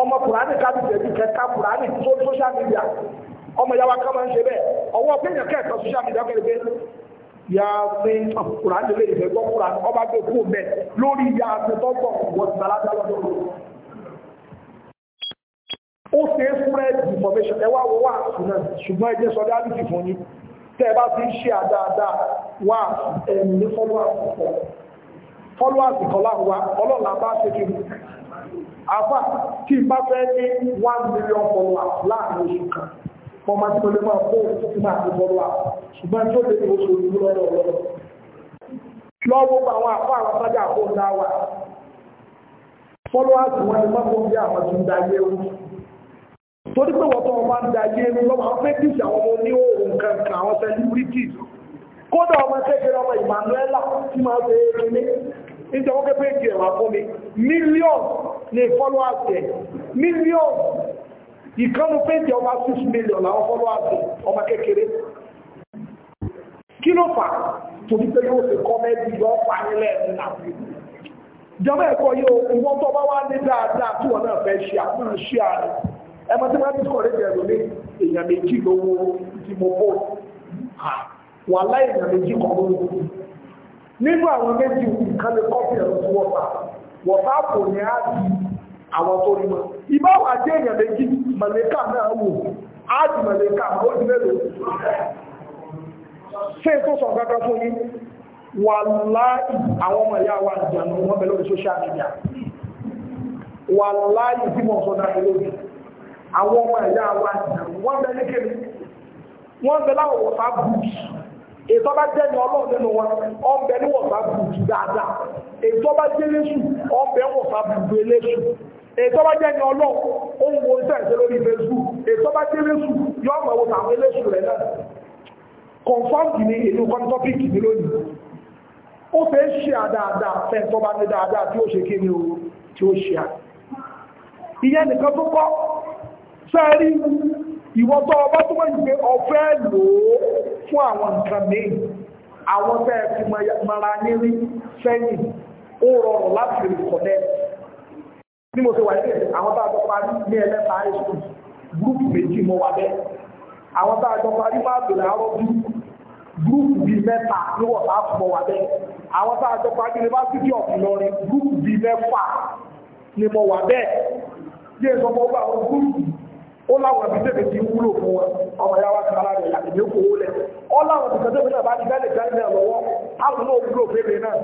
A: ọmọ kùránì kábí jẹ̀bi kẹta kùránì tó social media ọmọ yàwá ká máa ń ṣe bẹ́ẹ̀ ọwọ́ péyàn kẹta social media kẹrìgbé yaasin ah, kùránì lè fẹ́ gbọ́ kùránì ọba gbé kú mẹ́ lórí yaasin tó gbọ́ wọ́n ti bàlájà ó ṣe é spread information ẹ wá wọ wá náà ṣùgbọ́n ẹ jẹ́ sọ dáàbìtì fún yín tẹ́ ẹ bá ti ń ṣe àdáadáa wá ẹ̀mí ní followers kọ́ followers kọ́ láwọn wa bá ṣe kí àfà tí bá fẹ́ ní one million follower láàrin oṣù kan mo máa ti máa ṣùgbọ́n tí ó lè ní oṣù lọ́rọ̀ lọ́rọ̀ lọ́wọ́ àwọn àwọn sájà àpò ńlá followers wọn ni mọ́kàn bí àwọn ń da ayé torí pé wọ́n tó wọn ń da ayé lọ́wọ́ àwọn àwọn ọmọ kankan lè followers ẹ̀ mílíọ̀n ìkànnù péjì ọba 6 million àwọn followers ẹ̀ ọmọ kékeré kí ló fà torí pé yóò ṣe kọ́mẹ́dì yọ pàálẹ̀ nínú àwọn ìjọba ẹ̀kọ́ yóò ìwọ́n tó bá wá ní dáadáa tí wọ́n náà fẹ́ ṣe àpọ́n ṣe ààrẹ ẹmọ tí wọ́n ti kọ̀ lẹ́jẹ̀ ẹ̀rọ ní èèyàn méjì lówó tí mo bò wà láì èèyàn méjì kọ̀ lówó nínú àwọn méjì nǹkan lè kọ́pì ẹ̀rọ tí wọ́n wọ̀bá kò ní á di àwọn tó rí mọ́ ìbá wà jẹ́ èèyàn méjì mọ̀lẹ́kà náà wò á di mọ̀lẹ́kà ó di mélòó ṣé tó sọ kankan fún yín wà láì àwọn ọmọ ìyá wa ìjànà wọn bẹ social media wà láì tí wọ́n sọ dáa lórí àwọn ọmọ ìyá wa ìjànà wọ́n bẹ ní kéde wọ́n bẹ láwọn WhatsApp groups ètò bá jẹ́ ní ọlọ́run wọn ọ̀n ètò bá jẹ́ lẹ́sù ọbẹ̀ wọ̀ fàbùgbù lẹ́sù ètò bá jẹ́ ní ọlọ́ ohun wo tẹ̀sẹ̀ lórí Facebook ètò bá jẹ́ lẹ́sù yọ ọmọ wo tàwọn lẹ́sù rẹ̀ náà confirmed ní èlú kọ́ntọ́pìkì ní lónìí ó fẹ́ ṣe àdáadáa fẹ́ntọ́ bá ní dáadáa tí ó ṣe kí ni o tí ó ṣe à ìyẹn nìkan tó kọ́ sẹ́rí ìwọ́tọ́ ọba tó mọ̀ ìgbé ọ̀fẹ́ lòó fún àwọn nǹkan mìíràn àwọn tẹ́ẹ̀ fi mara yín rí sẹ́yìn ó rọrùn láti lè kọ̀dẹ́ bí mo ṣe wà ní àwọn bá àjọ parí ní ẹlẹ́ta high school gúrúùpù méjì mo wà bẹ́ẹ̀ àwọn bá àjọ parí máa bèrè àárọ̀ bí Group bíi mẹ́ta ní wọ̀tá mo wà bẹ́ẹ̀ àwọn bá àjọ parí yunifásitì ọ̀f Ìlọrin gúrúùpù bíi mẹ́fà ni mo wà bẹ́ẹ̀ yé ìsọmọ ọgbà àwọn gúrúùpù ó láwọn ibi tẹ́lẹ̀ ti wúlò fún wọn ọmọ ìyá wa ti ara rẹ̀ làbẹ̀mí ó kò wọlé ọ láwọn ibi tẹ́lẹ̀ náà bá ti bẹ́ẹ̀ lè dá ilẹ̀ lọ́wọ́ àwọn náà wúlò fẹ́lẹ̀ náà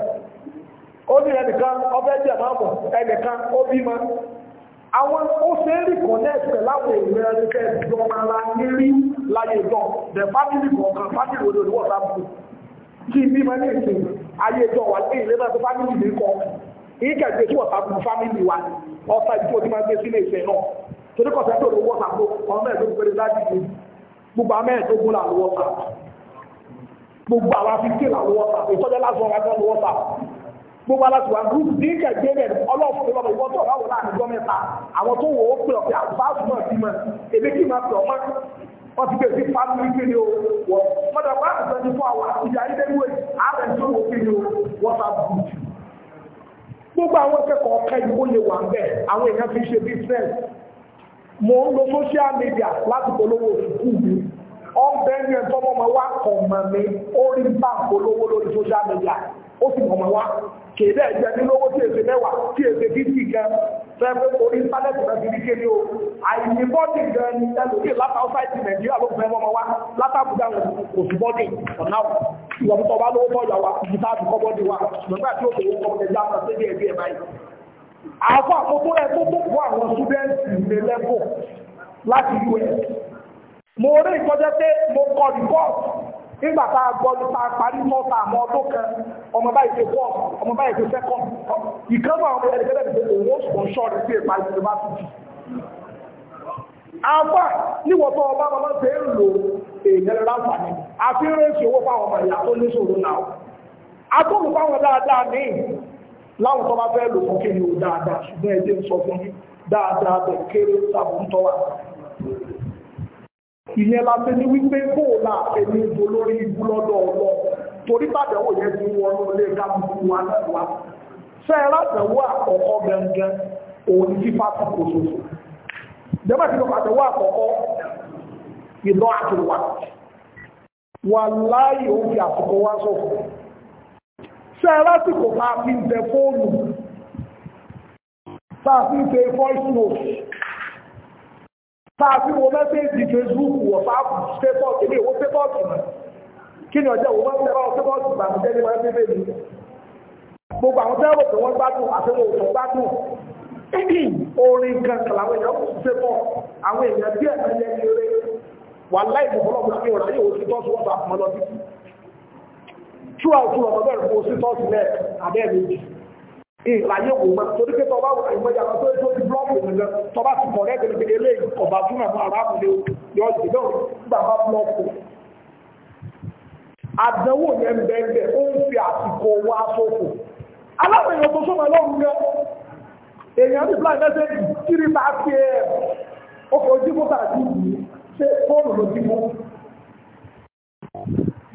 A: omi ẹnìkan ọbẹ̀ jẹ̀ máa mọ̀ ẹnìkan omi ma àwọn ó ṣe láwọn èèyàn ẹni ìjọba láyé the family kọ̀ọ̀kan family òde òde wọ̀ta kí n bí ma ní ìsìn ayé ìjọba wà ní ìlẹ́nà tó family mi kọ́ ìkà ìgbé tí wọ̀ta bù family wa ọ̀sà tí máa gbé sílé náà torí ọmọ gbogbo aláṣọ wa group dín kẹ̀gbẹ́rẹ̀ ọlọ́ọ̀fún lọ́wọ́ ìwọ́n tó ọ̀rọ̀ wò láàrin ọjọ́ mẹ́ta àwọn tó wò ó pè ọ̀pẹ náà ti mọ̀ èmi kì í máa pè ọmọ wọ́n ti gbèsè family kiri o wọ́n mọ̀dà wá àtúntò fún àwọn àtijọ́ ayédèwé ààrẹ tó wò kiri o wọ́n ta group. gbogbo àwọn akẹ́kọ̀ọ́ ọ̀ka ìwó lè wà ńbẹ̀ àwọn èèyàn fi ṣe business mo ń lo social media láti polówó òṣùkú mi ọ̀bẹ́ni ẹ̀ tọ́mọ́ ọmọ wa kọ̀ mọ̀ mi ó rí báńkì olówó lórí social media ó sì mọ̀ ọmọ wa kèdè ẹ̀jẹ̀ ní lówó tí èsè mẹ́wàá tí èsè fífì gan fẹ́ẹ́ orí íńtánẹ́ẹ̀tì náà fi ní kéde o àìní bọ́dì gan ni ẹlòmí láta ọ́sáìtì nàìjíríà ló fẹ́ mọ́mọ́ wa láta àbújá wọn kò sí bọ́dì ọ̀nà ìwọ̀nbùtọ̀ bá lówó bọ́ọ̀yà wa ìbúta àdúkọ́ bọ́dì wa nígbà tí ó kò wọ́n kọ́ ẹja máa ṣe díẹ̀ díẹ̀ báyìí. àwọn àkókò rẹ tó tó kó àwọn súdẹ́ǹtì ilé lẹ́kọ̀ọ́ láti us mo rí ìkọjẹ́ pé mo nígbà tá a gbọ́ nípa parí mọ́ta àmọ́ ọdún kan ọmọ báyìí ṣe pọ̀ ọmọ báyìí ṣe sẹ́kọ̀ ìkẹ́wọ̀n àwọn ẹ̀rẹ́gẹ́dẹ́ ti ṣe òun ó sùn ṣọ́ọ̀rẹ́ sí ìparí yunifásitì. àbá níwọ̀tọ́ ọba ọmọ ṣe ń lò èèyàn láǹfààní àfi ń rẹ́sì owó fáwọn ọmọ ìyá tó níṣòro náà atọ́nù fáwọn dáadáa ní láwọn tó bá fẹ́ lò fún kéde ò dáadáa ṣùgbọ́n ẹ ìyẹn la ṣe ní wípé bóòlà èmi ìbò lórí ibú lọ́dọ̀ ọlọ́ torí bàdẹ̀wò yẹn ti wọnú ilé kábùkù wa náà wá ṣe é látẹ̀wò àkọ́kọ́ gẹ́gẹ́ òun ní fífà tó kò ṣoṣo jẹ́bà tí mo pàtẹ́wò àkọ́kọ́ ìlọ àtúwà wà láàyè oúnjẹ àsìkò wá sọ ṣe é lásìkò máa fi ń tẹ fóònù tá a fi ń tẹ voice note tààfi wo mẹ́sẹ̀ẹ́jì facebook whatsapp facebook ilé ìwọ facebook mọ̀ kí ni ọjọ́ ìwọ mẹ́sẹ̀ẹ́jì facebook ìbànújẹ́ ni wọ́n ń mi gbogbo àwọn tẹ́lẹ̀ wò wọ́n gbádùn àtẹ́wò tó gbádùn orin kan kàlàwé yẹn kò ṣe àwọn èèyàn bí ẹ̀ka yẹn ní eré wà láì mọ̀ fọlọ́ fún ìwọ̀n ayé òsì sí tọ́sí lẹ́ẹ̀ ìlàyé kò mọ́ torí pé tọba wà ìmọ̀jà kan tó tó ti blọ́ọ̀kì nìkan tọba ti kọ̀ rẹ́ gẹ̀rẹ́ gẹ̀rẹ́ lẹ́yìn ọba túnmọ̀ mọ́ aráàbù lé yọ jù náà nígbà bá blọ́ọ̀kì. àdánwò yẹn bẹ́ẹ̀ ó ń fi àsìkò wa sófò aláwọ̀ èèyàn tó sọ́mọ lọ́rùn gẹ́ èèyàn ti fly message three thirty a.m. ọkọ̀ ojú kó tà sí ìlú ṣé fóònù ló ti mú.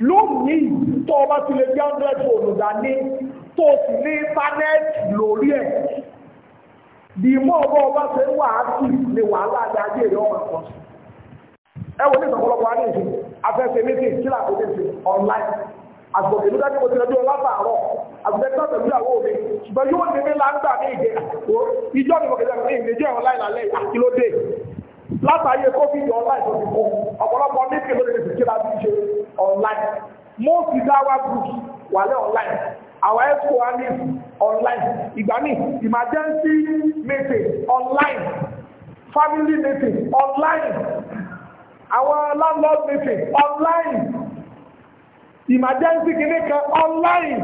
A: lónìí tó o bá ti lè gbé hundred fóònù dání tó o sì ní íńtánẹ́ẹ̀tì lórí ẹ̀ bí mọ́ ọba ọba ṣe ń wà á ajé rẹ̀ ọmọ ẹ̀kọ́ sí. ẹ wo ní ìsọ̀kọlọpọ̀ adé ìṣe afẹ́fẹ́ méjì kí làbó ní ìṣe online àgbọ̀n ìlú dájú mo ti àgbẹ̀ tó tẹ̀lé àwọn látàyè covid online tó ti kó ọ̀pọ̀lọpọ̀ níbi lórí èsì kí láti ṣe online most ìdáwà groups wà lẹ́ online our expo annex online ìgbà míì emergency meeting online family meeting online Our landlord meeting online emergency kìnnìkan online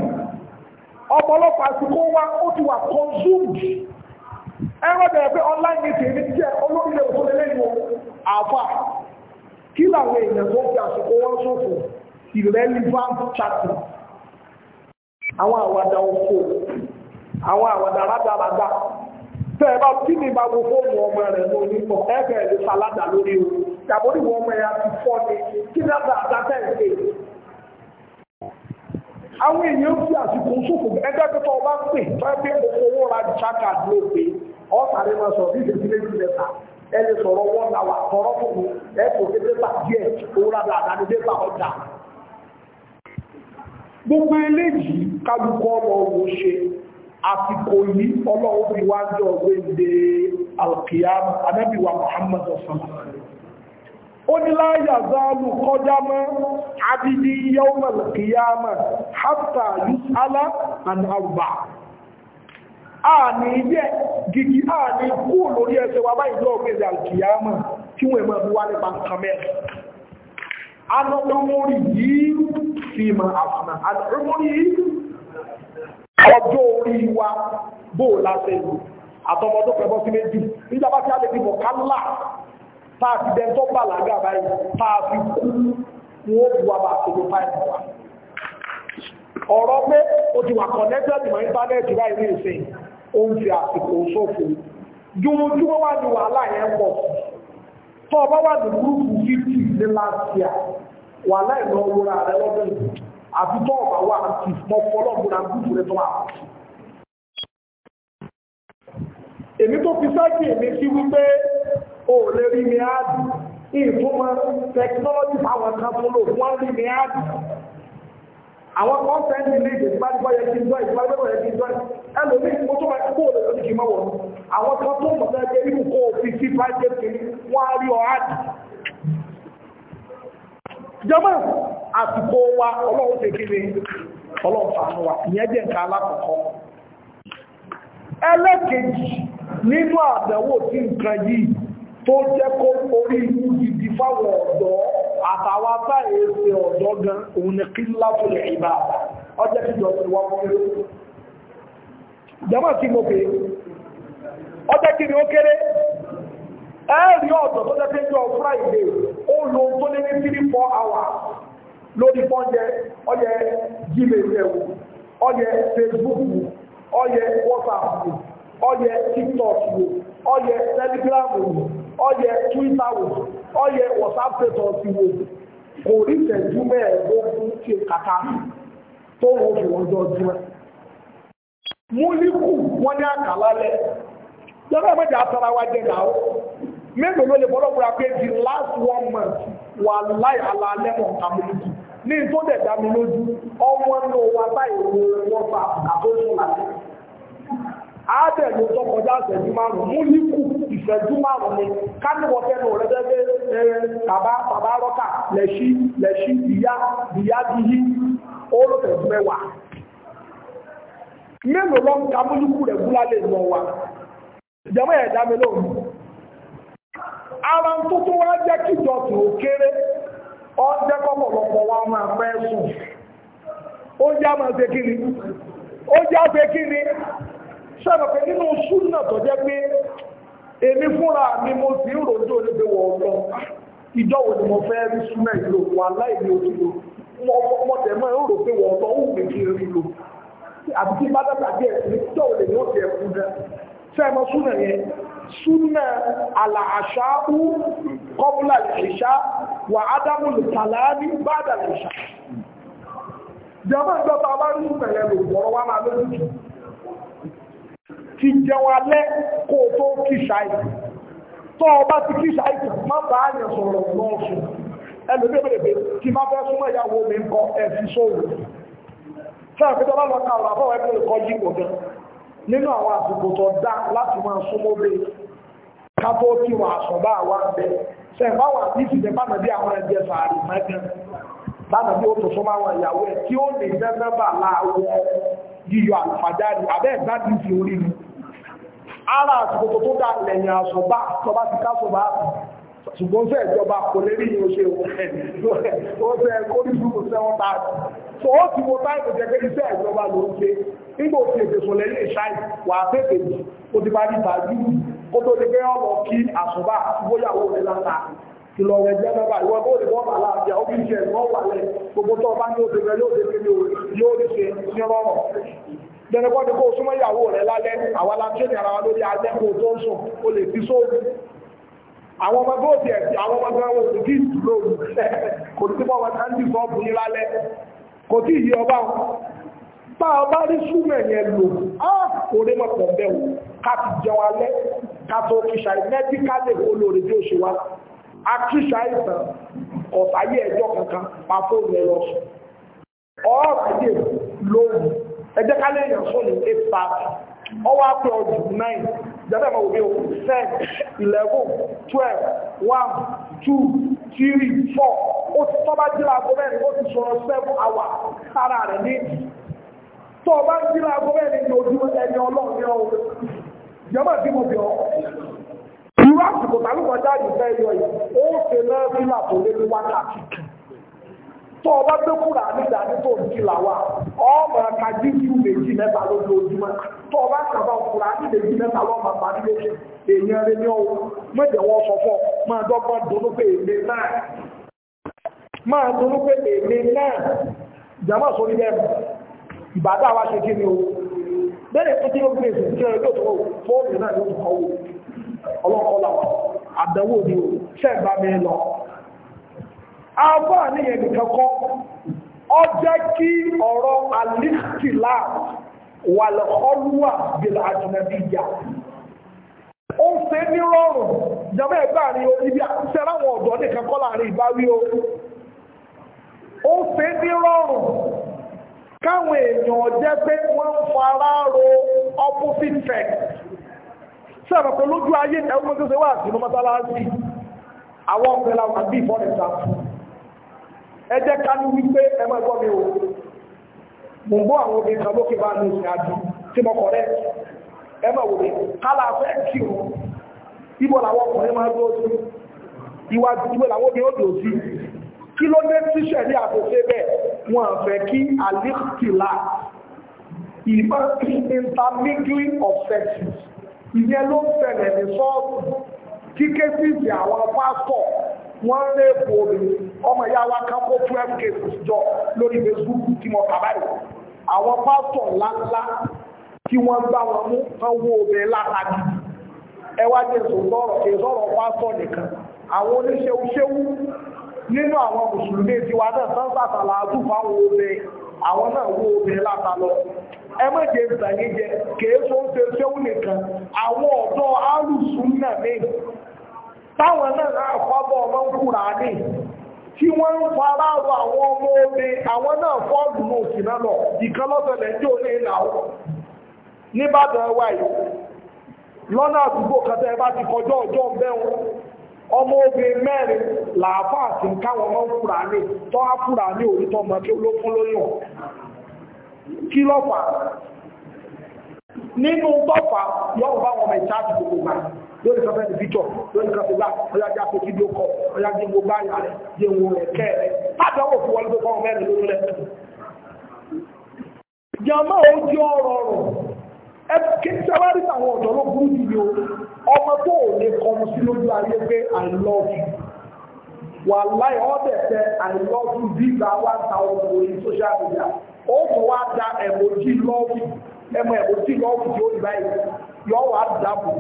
A: ọ̀pọ̀lọpọ̀ àsìkò wa ó ti wà consumed. ẹ̀rọ bẹ̀rẹ̀ pé online meeting ní jẹ́ olóríire òfin lẹ́yìn àfà kí làwọn èèyàn tó fi àsìkò wọn ṣòfò irrelevant chatting àwọn àwàdà òfò àwọn àwàdà rádaràdà tẹ ẹ bá kí ni ìbáwo fóònù ọmọ rẹ ní onímọ ẹ bẹ̀rẹ̀ lè lórí o tàbí ọmọ ẹ àti fọ́ni kí ni ṣe àwọn èèyàn fi àsìkò ẹgbẹ́ pípa ọba ń pè tọ́ bí owó ra ọ̀sàrí máa sọ bí ìṣèjì méjì lẹ́ta ẹ lè sọ̀rọ̀ wọ́n náà wà tọ̀rọ̀ fún ẹ kò fi pépà díẹ̀ owó rádà àdáni pépà ọjà. gbogbo eléyìí kálukú ọmọ owó ṣe àsìkò yìí ọlọ́run fi wá jọ gbéǹde alkiyama anábìwá muhammad ọ̀sánà ó ní láyà záàlù kọjá mọ́ abidi yawmal kiyama hatta yus'ala an arba'a àní yẹ gigi àní kú lórí ẹsẹ̀ wa báyìí lọ gbé ìdà ìkìyàmà tí wọ́n mọ̀ wá nípa kamel anọ́gbọ́nmọ́rí yìí fi ma àfúnà anọ́gbọ́nmọ́rí yìí ọjọ́ orí wa bó láṣẹ ìlú àtọmọdún pẹ̀bọ́ sí méjì níjọba tí a lè dìbò kálá táàfi dẹ́ntọ́ bàlágà báyìí táàfi kú wọ́n bu ọ̀rọ̀ pé o ti wà connected mọ́ íńtánẹ́ẹ̀tì báyìí ní ìsìn ó ń fi àsìkò ṣòfò jùmọ̀jùmọ̀ wà ní wàhálà yẹn pọ̀ tó ọba wà ní gúrùpù fífì ní láàsìá wàhálà ìlú ọwọ́ra rẹ lọ́dún àbí tó ọba wà àti mọ fọlọ́gbọ̀nà gúrùpù rẹ tó wà. èmi tó fi sáàkì èmi sí wípé o ò lè rí mi áàdì ìtumọ̀ tẹkinọ́lọ́jì àwọn kan tó lò wọ́n rí mi áàdì àwọn kan fẹ́ẹ́ ní ilé ìgbàgbọ́ yẹ kí n jọ ìgbàgbọ́ yẹ kí n jọ ẹlòmíì mo tó máa kó o lè lórí kì í mọ̀ wọ̀n àwọn kan tó mọ̀ sẹ́yẹ irú kó o fi sí fájẹ́ kiri wọ́n á rí ọ̀há dì. jọmọ àsìkò wa ọlọ́run ṣe kí ni ọlọ́run fàánù wa ìyẹn jẹ́ nǹkan alákọ̀ọ́kọ́. ẹlẹ́kejì nínú àbẹ̀wò tí nǹkan yìí tó jẹ́ kó orí ibú gidi fáwọn ọ̀dọ́ àtàwà bá èsì ọ̀dọ́ gan òun ni kí látòlẹ̀ ìbá ọjọ́ kíjọ ti wọ́n kéré jẹ́mọ̀ tí mo pè ọjọ́ kí ni ó kéré ẹ̀rí ọ̀dọ̀ tó jẹ́ péjọ Friday ó lo tó lé ní 3-4 hours lórí fọ́njẹ ọyẹ Gmail ẹ̀wò ọyẹ Facebook ọyẹ WhatsApp ọyẹ TikTok ọyẹ Telegram ọyẹ Twitter ọyẹ WhatsApp status wo kò rí ìtẹ̀jú mẹ́ẹ̀ẹ́dógún tí kàkà tó wọ́n fi wọ́n jọ jùlọ. múlíkù wọ́n ní àkàlálẹ̀ lọ́dọ̀ mẹ́jọ atara wa jẹ gàó mélòó ló lè bọ́ lọ́kùnrin pé the last one month wà láì alalẹ́ mọ̀ kàmúlùkù ní tó mi lójú ọmọ náà wà láì wọ́n àádẹ́gbẹ̀ tó kọjá ìṣẹ́jú márùn-ún mú líkù ìṣẹ́jú márùn-ún ni káníwọ̀ tẹ́nu rẹ̀ tẹ́gbẹ́ bàbá bàbá rọ́kà lẹ́ṣí lẹ́ṣí ìyá ìyá bíyí olóòtẹ̀jú mẹ́wàá mélòó lọ ń ka mú líkù rẹ̀ gúlá lè lọ wa ìjọba ẹ̀dá mi lóhùn ara ń tó tó wá jẹ́ kíjọ tó kéré wa máa fẹ́ sùn ó já máa ṣe kí ni ó já sábà pé nínú súnà tó jẹ́ pé èmi fúnra mi mo sì ń rojọ́ níbi wọ̀ ọ̀lọ́ ìjọwò ni mo fẹ́ rí súnà ìlò wà láì ní ojú lò mo mọ̀tẹ̀ mọ́ ń rò pé wọ̀ ọ̀lọ́ wù mí kí n rí lò àti tí bá dàgbà díẹ̀ sí ìjọwò lè ní ó ti ẹ̀kú dá fẹ́ẹ̀mọ súnà yẹn súnà àlàáṣáú kọ́bùlà ìṣá wà ádámù tàlàání bádà ìṣá jọba ìjọba bá rí súnà yẹn lò wọ́rọ̀ wá máa lójú ti jẹun alẹ́ kó o tó kíṣà ìtàn tó o bá ti kíṣà ìtàn má bá àyàn sọ̀rọ̀ lọ́ọ̀sùn ẹlòmí ìbẹ̀rẹ̀ tí má fẹ́ súnmọ́ ìyàwó mi ń kọ ẹ̀sìn sóòrò sáà pé tó bá lọ ka ọ̀rọ̀ àbọ̀wọ̀ ẹgbẹ́ ìkọ́ yí kò gan nínú àwọn àsìkò tó dá láti máa súnmọ́ bí ká tó kí wọn àsọ̀ bá wà ń bẹ sẹ̀ǹbá wà ní ìsìnkẹ́ bánà bí àwọn ẹgbẹ́ sàárì mẹ́gàn bánà bí ó tó súnmọ́ àwọn ìyàwó ẹ̀ tí ó lè dẹ́gbẹ́ bà láàwọ̀ yíyọ àlùfàjáre abẹ́ ìgbádùn ti orí mi ara àsìkò tó dá lẹ́yìn àṣọ̀bá tọba ti káṣọ̀bá ṣùgbọ́n fẹ́ ìjọba kò lè rí ìyẹn ṣe òṣè kórìsù kò sẹ́wọ́n ta so ó ti wo táìpù jẹ́ pé iṣẹ́ ìjọba ló ń ṣe nígbà òsì èdè sọ lẹ́yìn ìṣáì wà á tètè jù ó ti parí ìbájú kó tó di pé ọ̀rọ̀ kí ìlọ̀wẹ̀ jẹ́nàbà ìwọ̀n tó rí bọ́ọ̀bà láàbíà ó bí jẹ́ ìwọ̀n wà lẹ̀ gbogbo tó bá ní ó bèèrè yóò bèèrè ní orí yóò rí ṣe ní rọrùn dẹnukọ́ ni kó súnmọ́ ìyàwó rẹ̀ lálẹ́ àwọn aláṣẹ ní ara wa lórí alẹ́ kó tó ń sùn ó lè fi sóògùn àwọn ọmọ bó ti ẹ̀sìn àwọn ọmọ gan wọn kì í dúró kò sí bọ́ wọn ká ń dì sọ́ọ̀bù yín lálẹ́ kò tí ì yí ọba wọn tá a bá rí súnmọ̀ yẹn lò á kò rí mọ̀ pọ̀ bẹ́ẹ̀ ká ti jẹun alẹ́ akíṣà ìtàn ọ̀sáyé ẹjọ́ kankan pa fóònù ẹ lọ sùn ọ̀ọ́sàyé lóhùn ẹjẹ́ ká lẹ́yìn sùn ní eight thirty ọwọ́ àpẹ ọdún nine jẹ́bẹ̀ mọ̀ òbí o ten eleven twelve one two three four ó ti tọ́ba jíra aago mẹ́rin ó ti sọ̀rọ̀ seven hours sára rẹ̀ ní ìdí tọ́ba jíra aago mẹ́rin ní ojúmọ́ ẹni ọlọ́run ní ọ̀hún jẹ́mọ̀ bí irú àsìkò tàbíkọ̀ jáde fẹ́ yọ yìí ó ṣe náà fílà tó lé ní wákàtí kan tó o bá gbé kúrà nígbà ní tó ń kìlà wa ọmọ ẹ̀ka jíjú méjì mẹ́ta lójoojúmọ́ tó o bá kàbá kúrà ní méjì mẹ́ta lọ́mọ àgbàdí méjì èèyàn rẹ ní ọwọ́ méjì wọn sọ fọ máa dọ́gbọ́n dúró pé èmi náà máa dúró pé èmi náà jàmọ́ sórí bẹ́ẹ̀ ìbàdàn wa ṣe kí ni o bẹ́ẹ̀ tó tí ó gbé èsì tí ó yẹ kí ó tó fóònù náà yóò tó kọ́ wò ọlọ́kọ́lá àdánwò ni o ṣẹ́ẹ̀bá mi lọ àbá níyẹn ọ jẹ́ kí ọ̀rọ̀ alistila wàlọ́ọ̀lùwà bìlà àjùmọ̀bíyà ó ń ṣe ní rọrùn jàmọ́ ni ibi a, láwọn ọ̀dọ́ nìkan kọ́ láàrin ìbáwí o ó ń ṣe ní rọrùn káwọn èèyàn jẹ́ pé wọ́n fara ro opposite sex sí àpapọ̀ lójú ayé ẹ̀wọ́n mọ́tò ṣe wà sínú mọ́sálásí àwọn ọ̀pẹ̀lá àbí ìfọ́nẹ̀ sáà ẹ jẹ́ ká ní wípé ẹ máa gbọ́ mi o mò ń bọ́ àwọn obìnrin kan lókè bá ní ìsìn àjò tí mo kọ̀ rẹ̀ ẹ máa wò mí kálá fẹ́ kí o ibo làwọn ọkùnrin máa dúró sí iwájú ibo làwọn obìnrin ó dúró sí kí ló dé tíṣẹ̀ ní àkókò bẹ́ẹ̀ wọ́n fẹ́ kí àlìkìlá ìmọ̀ intermingling of sexes ìyẹn ló ń ṣẹlẹ̀ ní sọ́ọ̀tù kí kéfìsì àwọn pásítọ̀ wọ́n ń rèpò obìnrin ọmọ ìyá wa kan kó twelve cases jọ lórí Facebook tí mo kà báyìí àwọn pásítọ̀ ńláńlá tí wọ́n gbá wọn mú kan wó obìnrin látàgì ẹ wá jẹ́ sọ̀rọ̀ kì í sọ̀rọ̀ pásítọ̀ nìkan àwọn oníṣẹ́wó ṣẹ́wó nínú àwọn mùsùlùmí tiwa náà sánsàtàlà àdúfà wo obìnrin àwọn náà wó obìnrin látà ẹmọ́jẹ ìbànújẹ́ kèéso ń tẹ́sẹ́ ó nìkan àwọn ọ̀dọ́ alùsùn náà ní táwọn náà na ọmọ ń ní tí wọ́n ń fara àwọn ọmọ omi àwọn náà òsì náà lọ ìkan lọ́sọ̀lẹ̀ tí ò ní ìlàwọ́ níbàdàn wa yìí lọ́nà àdúgbò kẹta ẹ bá ti kọjọ́ ọjọ́ ọmọ obìnrin mẹ́rin làáfàá sí káwọn ọmọ ń ní tọ́ ní kí lọ́fà nínú tọ́fà yóò bá wọn mẹ́ ṣáàtì gbogbo gbà lórí sọfẹ́ ní píjọ lórí kọfílà ọjá jẹ́ àpò fídíò kọ ọjá jẹ́ gbogbo àyà rẹ̀ jẹ́ wọn rẹ̀ kẹ́ rẹ̀ láti ọkọ̀ fún wọlé tó fọ́n mẹ́rin lórí rẹ̀ jàmá ó jẹ́ ọ̀rọ̀ ọ̀rọ̀ kí sẹ́wárí àwọn ọ̀dọ́ ló burú jù ní o ọmọ tó ò lè kọmu sí lójú ayé pé i love you wà láì ọ́ bẹ̀ fẹ́ i love you bí gba one thousand orí social media ó mú wá da ẹ̀mọ́jì lọ́ọ̀fù ẹ̀mọ́ ẹ̀mọ́jì lọ́ọ̀fù tí ó ní báyìí yọ wá dàbò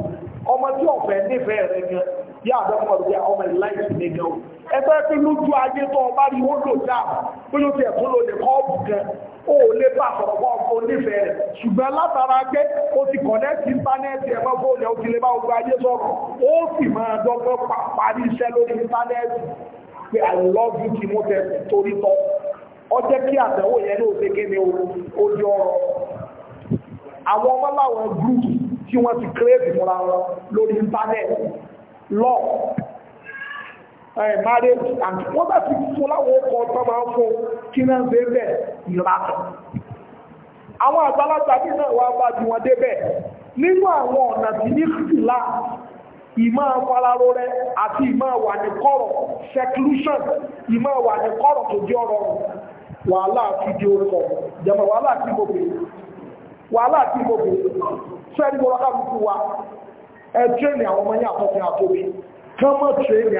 A: ọmọ tí ọ̀fẹ́ nífẹ̀ẹ́ rẹ gan yá àbẹ́mọ̀ ọ̀dọ́ ọmọ ìláìsì ní gan o ẹgbẹ́ pé lójú ayé tó ọba rí wọ́n lò dáa pé ló ti ẹ̀kọ́ lò lè kọ́ọ̀bù gan ó lè bá sọ̀rọ̀ bọ́ ọkọ̀ nífẹ̀ẹ́ rẹ̀ ṣùgbọ́n látara pé ó ti kọ̀nẹ́tì íńtánẹ́ẹ̀tì ẹ̀mọ́ fóònù ó ti lè bá ogun ayé sọ̀rọ̀ ó sì máa dọ́gbọ́n parí iṣẹ́ lórí íńtánẹ́ẹ̀tì pé i ó jẹ́ kí àdánwò yẹn ló ṣe kéde ojú ọrọ̀ àwọn ọmọ láwọn group tí wọ́n ti crave fúnra wọn lórí internet law marriage and wọ́n bá ti fún láwọn ọkọ̀ tó máa ń fún kí náà ń bẹ́ẹ̀ ìlànà àwọn àgbàlagbà bí náà wá bá ju wọn débẹ̀ nínú àwọn ọ̀nà tí ní fìlà ìmọ̀ afáraró rẹ àti ìmọ̀ wà ní kọ̀rọ̀ seclusion ìmọ̀ wà ní kọ̀rọ̀ tó jẹ́ ọ̀rọ̀ wàhálà àti ìdí orúkọ jẹmọ̀ wàhálà àti ìgbòkè wàhálà àti ìgbòkè mo wa ẹ tírẹ́nì àwọn ọmọ yẹn àtọ́kùn àtọ́bí kán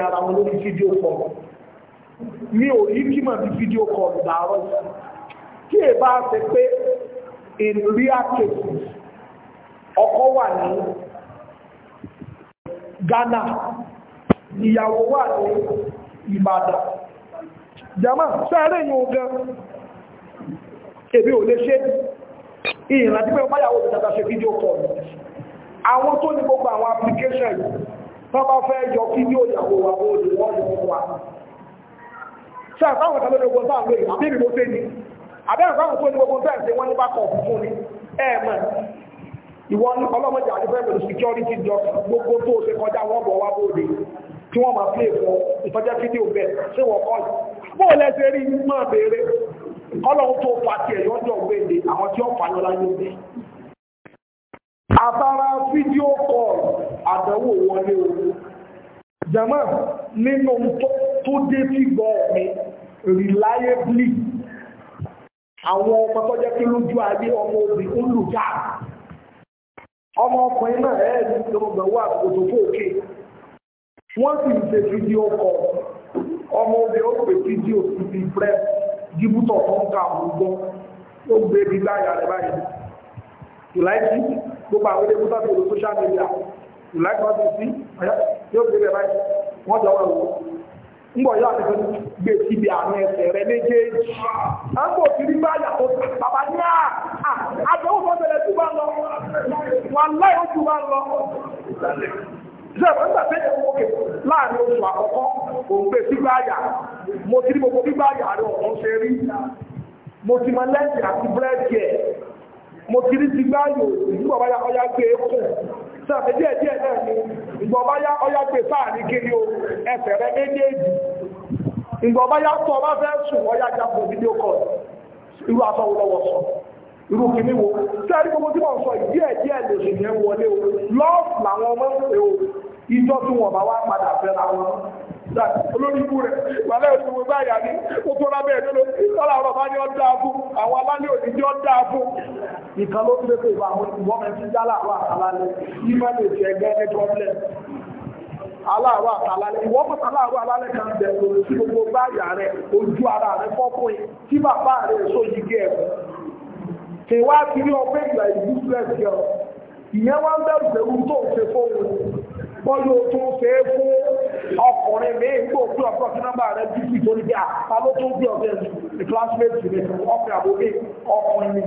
A: ara wọn lórí fídíò kọ́ mi ò rí kí màá fi fídíò kọ́ dàárọ̀ kí ẹ bá ṣe pé in real cases ọkọ wà ní jama sáré yìí gan ebi ò lè ṣe ìrìn àti pé ọmọ ìyàwó ìjàta ṣe fídíò call àwọn tó ní gbogbo àwọn application yìí tó bá fẹ́ yọ fídíò ìyàwó wa ó lè wọ́n lè wọ́n wa sáà táwọn ìtàlẹ́ ní ogun sáà lóyìn àbí ìrìn ló fẹ́ ni àbẹ́ àwọn tó ní gbogbo sáà ṣe wọ́n ní bá kọ̀ fún ni ẹ̀ẹ̀mọ̀ ìwọ ọlọ́mọdé àti fẹ́ pẹ̀lú security job gbogbo tó ṣe kọjá wọ́n bọ̀ wá bóde tí wọ́n máa play fún ìtọ́jẹ́ fídíò bẹ́ẹ̀ ṣé wọ́n kọ́ yìí bó o lẹ́sẹ̀ rí máa béèrè kọ́lọ́hún tó fa tiẹ̀ lọ́jọ́ gbèdè àwọn tí ó fa yọ láyé òde. àtàrà fídíò kọ́ọ̀lù àdánwò wọlé o jama nínú tó dé tí gbọ́ mi reliably àwọn ọmọ tó jẹ́ pé lójú ayé ọmọ obìnrin ń lù jáà ọmọ ọkùnrin náà ẹ̀ẹ́dì tó gbẹ̀wò àkókò tó fòkè wọ́n sì ń ṣe fídíò kọ́ọ̀lù ọmọ obì ó pè fídíò síbi prep gíbútọ̀ tó ń ka àwùjọ ó gbé ibi láyà rẹ̀ báyìí ìláìsí gbogbo àwọn ilé mọ́tàbí olú social media ìláìsí wọ́n ti sí yóò gbé rẹ̀ báyìí wọ́n jọ wọ́n wọ́n ńgbọ̀ yóò àtẹ́fẹ́ gbé síbi àárín ẹsẹ̀ rẹ̀ méjèèjì àgbò tí rí báyà tó bàbá ní à àdéhùn fọ́tẹ̀lẹ̀ tí bá lọ wọn láì ó jù bá lọ ṣẹ́wọ̀n nígbà tẹ́yẹ̀ wókè láàrin oṣù àkọ́kọ́ òun pé gbígbá àyà mo ti rí gbogbo gbígbá àyà rẹ̀ ọ̀hún ṣe rí mo ti mọ lẹ́ǹtì àti búrẹ́dì ẹ̀ mo ti rí gbígbá àyò ìgbà báyà ọyá gbé e kù ọya díẹ̀ díẹ̀ náà ni efere báyà ọyá gbé e sáàrin kiri o ẹsẹ̀ fẹ́ sùn ọyá irú kìíní wo sẹ́ẹ̀rí gbogbo tí wọ́n sọ díẹ̀ díẹ̀ lè sì yẹn wọlé o lọ́ọ̀fù làwọn ọmọ ń pè o ìjọ tí wọ́n bá wá padà fẹ́ làwọn olórí ikú rẹ̀ wàlẹ́ òṣùwò báyà ní kókó lábẹ́ ìdúró ìtọ́lá ọ̀rọ̀ bá ní ọ́ dáa fún àwọn alálẹ́ òní jọ́ dáa fún. ìkan ló ń lépe ìwà àwọn ìwọ́mẹ tí yálà wà àtàlálẹ́ ìmọ̀ lè jẹ́ gẹ́gẹ́ problem. aláàrọ̀ àtàlálẹ́ ìwọ́mọ̀ aláàrọ̀ alálẹ́ kan bẹ̀rù sí gbogbo báyà rẹ̀ ojú ara rẹ̀ fọ́kùnrin tí bàbá rẹ̀ sóyí gẹ̀ẹ́fù kì wá sí ní ọpẹ́ ìgbà useless girl ìyẹn wá ń bẹ̀rù pẹ̀lú tó ń ṣe fóun bọ́lú tó ń ṣe é fún ọkùnrin mi gbò pé ọ̀pọ̀ sí nọ́mbà rẹ̀ bí kì í torí bí apá ló tó ń bí ọ̀gẹ́ ní classmate rẹ̀ ọkùnrin àbòmí ọkùnrin mi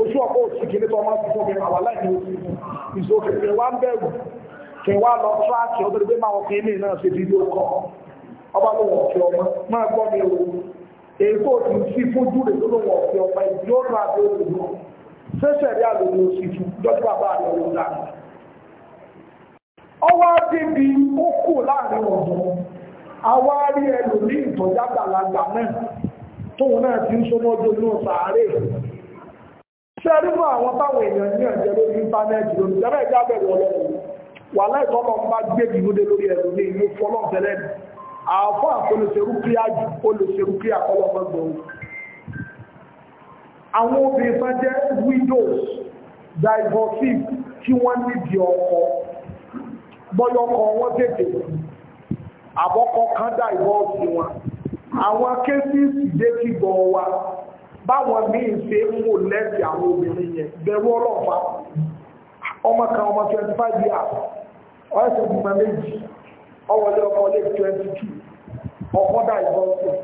A: oṣù ọ̀pọ̀ òsì kìíní tó ọmọ sí fún mi àwa láì ní oṣù ìṣòkè kì wá ń bẹ̀rù kì wá lọ tíráàkì ọdún gbé máa ọkùnrin mi náà ṣe bí èkó ti fi fojú rẹ̀ lọ́wọ́ ọ̀fẹ́ ọ̀pá ìdí ọ̀rọ̀ abẹ́ òdòdó ṣẹ́ṣẹ̀ rí àlòyìn oṣù tù lọ́jọ́ bàbá rẹ̀ ló dà. ọwọ́ débi ó kù láàrin ọ̀dọ́ àwa rí ẹlòmíì ìtọ́jà gbàlagbà náà tóun náà ti ń sọmọ́jọ́ inú sàárè ṣe nínú àwọn táwọn èèyàn ní ẹ̀jẹ̀ lórí íńtánẹ́ẹ̀tì lórí ìjọba ìjábẹ̀rẹ̀ ọlọ́run wà láìsọ́lọ́ ń bá gbé ìmúdé lórí àfọ́ àpolòṣerúkíà jù olòṣerúkíà kọlọ́gbọ́gbọ́ àwọn obìnrin bá jẹ́ widows divorcee tí wọ́n níbi ọkọ bọ́yọkọ wọn tètè àbọ́kọ kan divorce wọn àwọn kéfìsì dé kí gbọ́ wa báwọn míì ṣe ń wò lẹ́sì àwọn obìnrin yẹn bẹ̀rù ọlọ́pàá ọmọ kan ọmọ 25 years ọ̀ẹ́sẹ̀ gbùmọ̀ méjì ọwọ́lé ọmọ lé 22 ọkọ́dá ìbọ̀nsẹ̀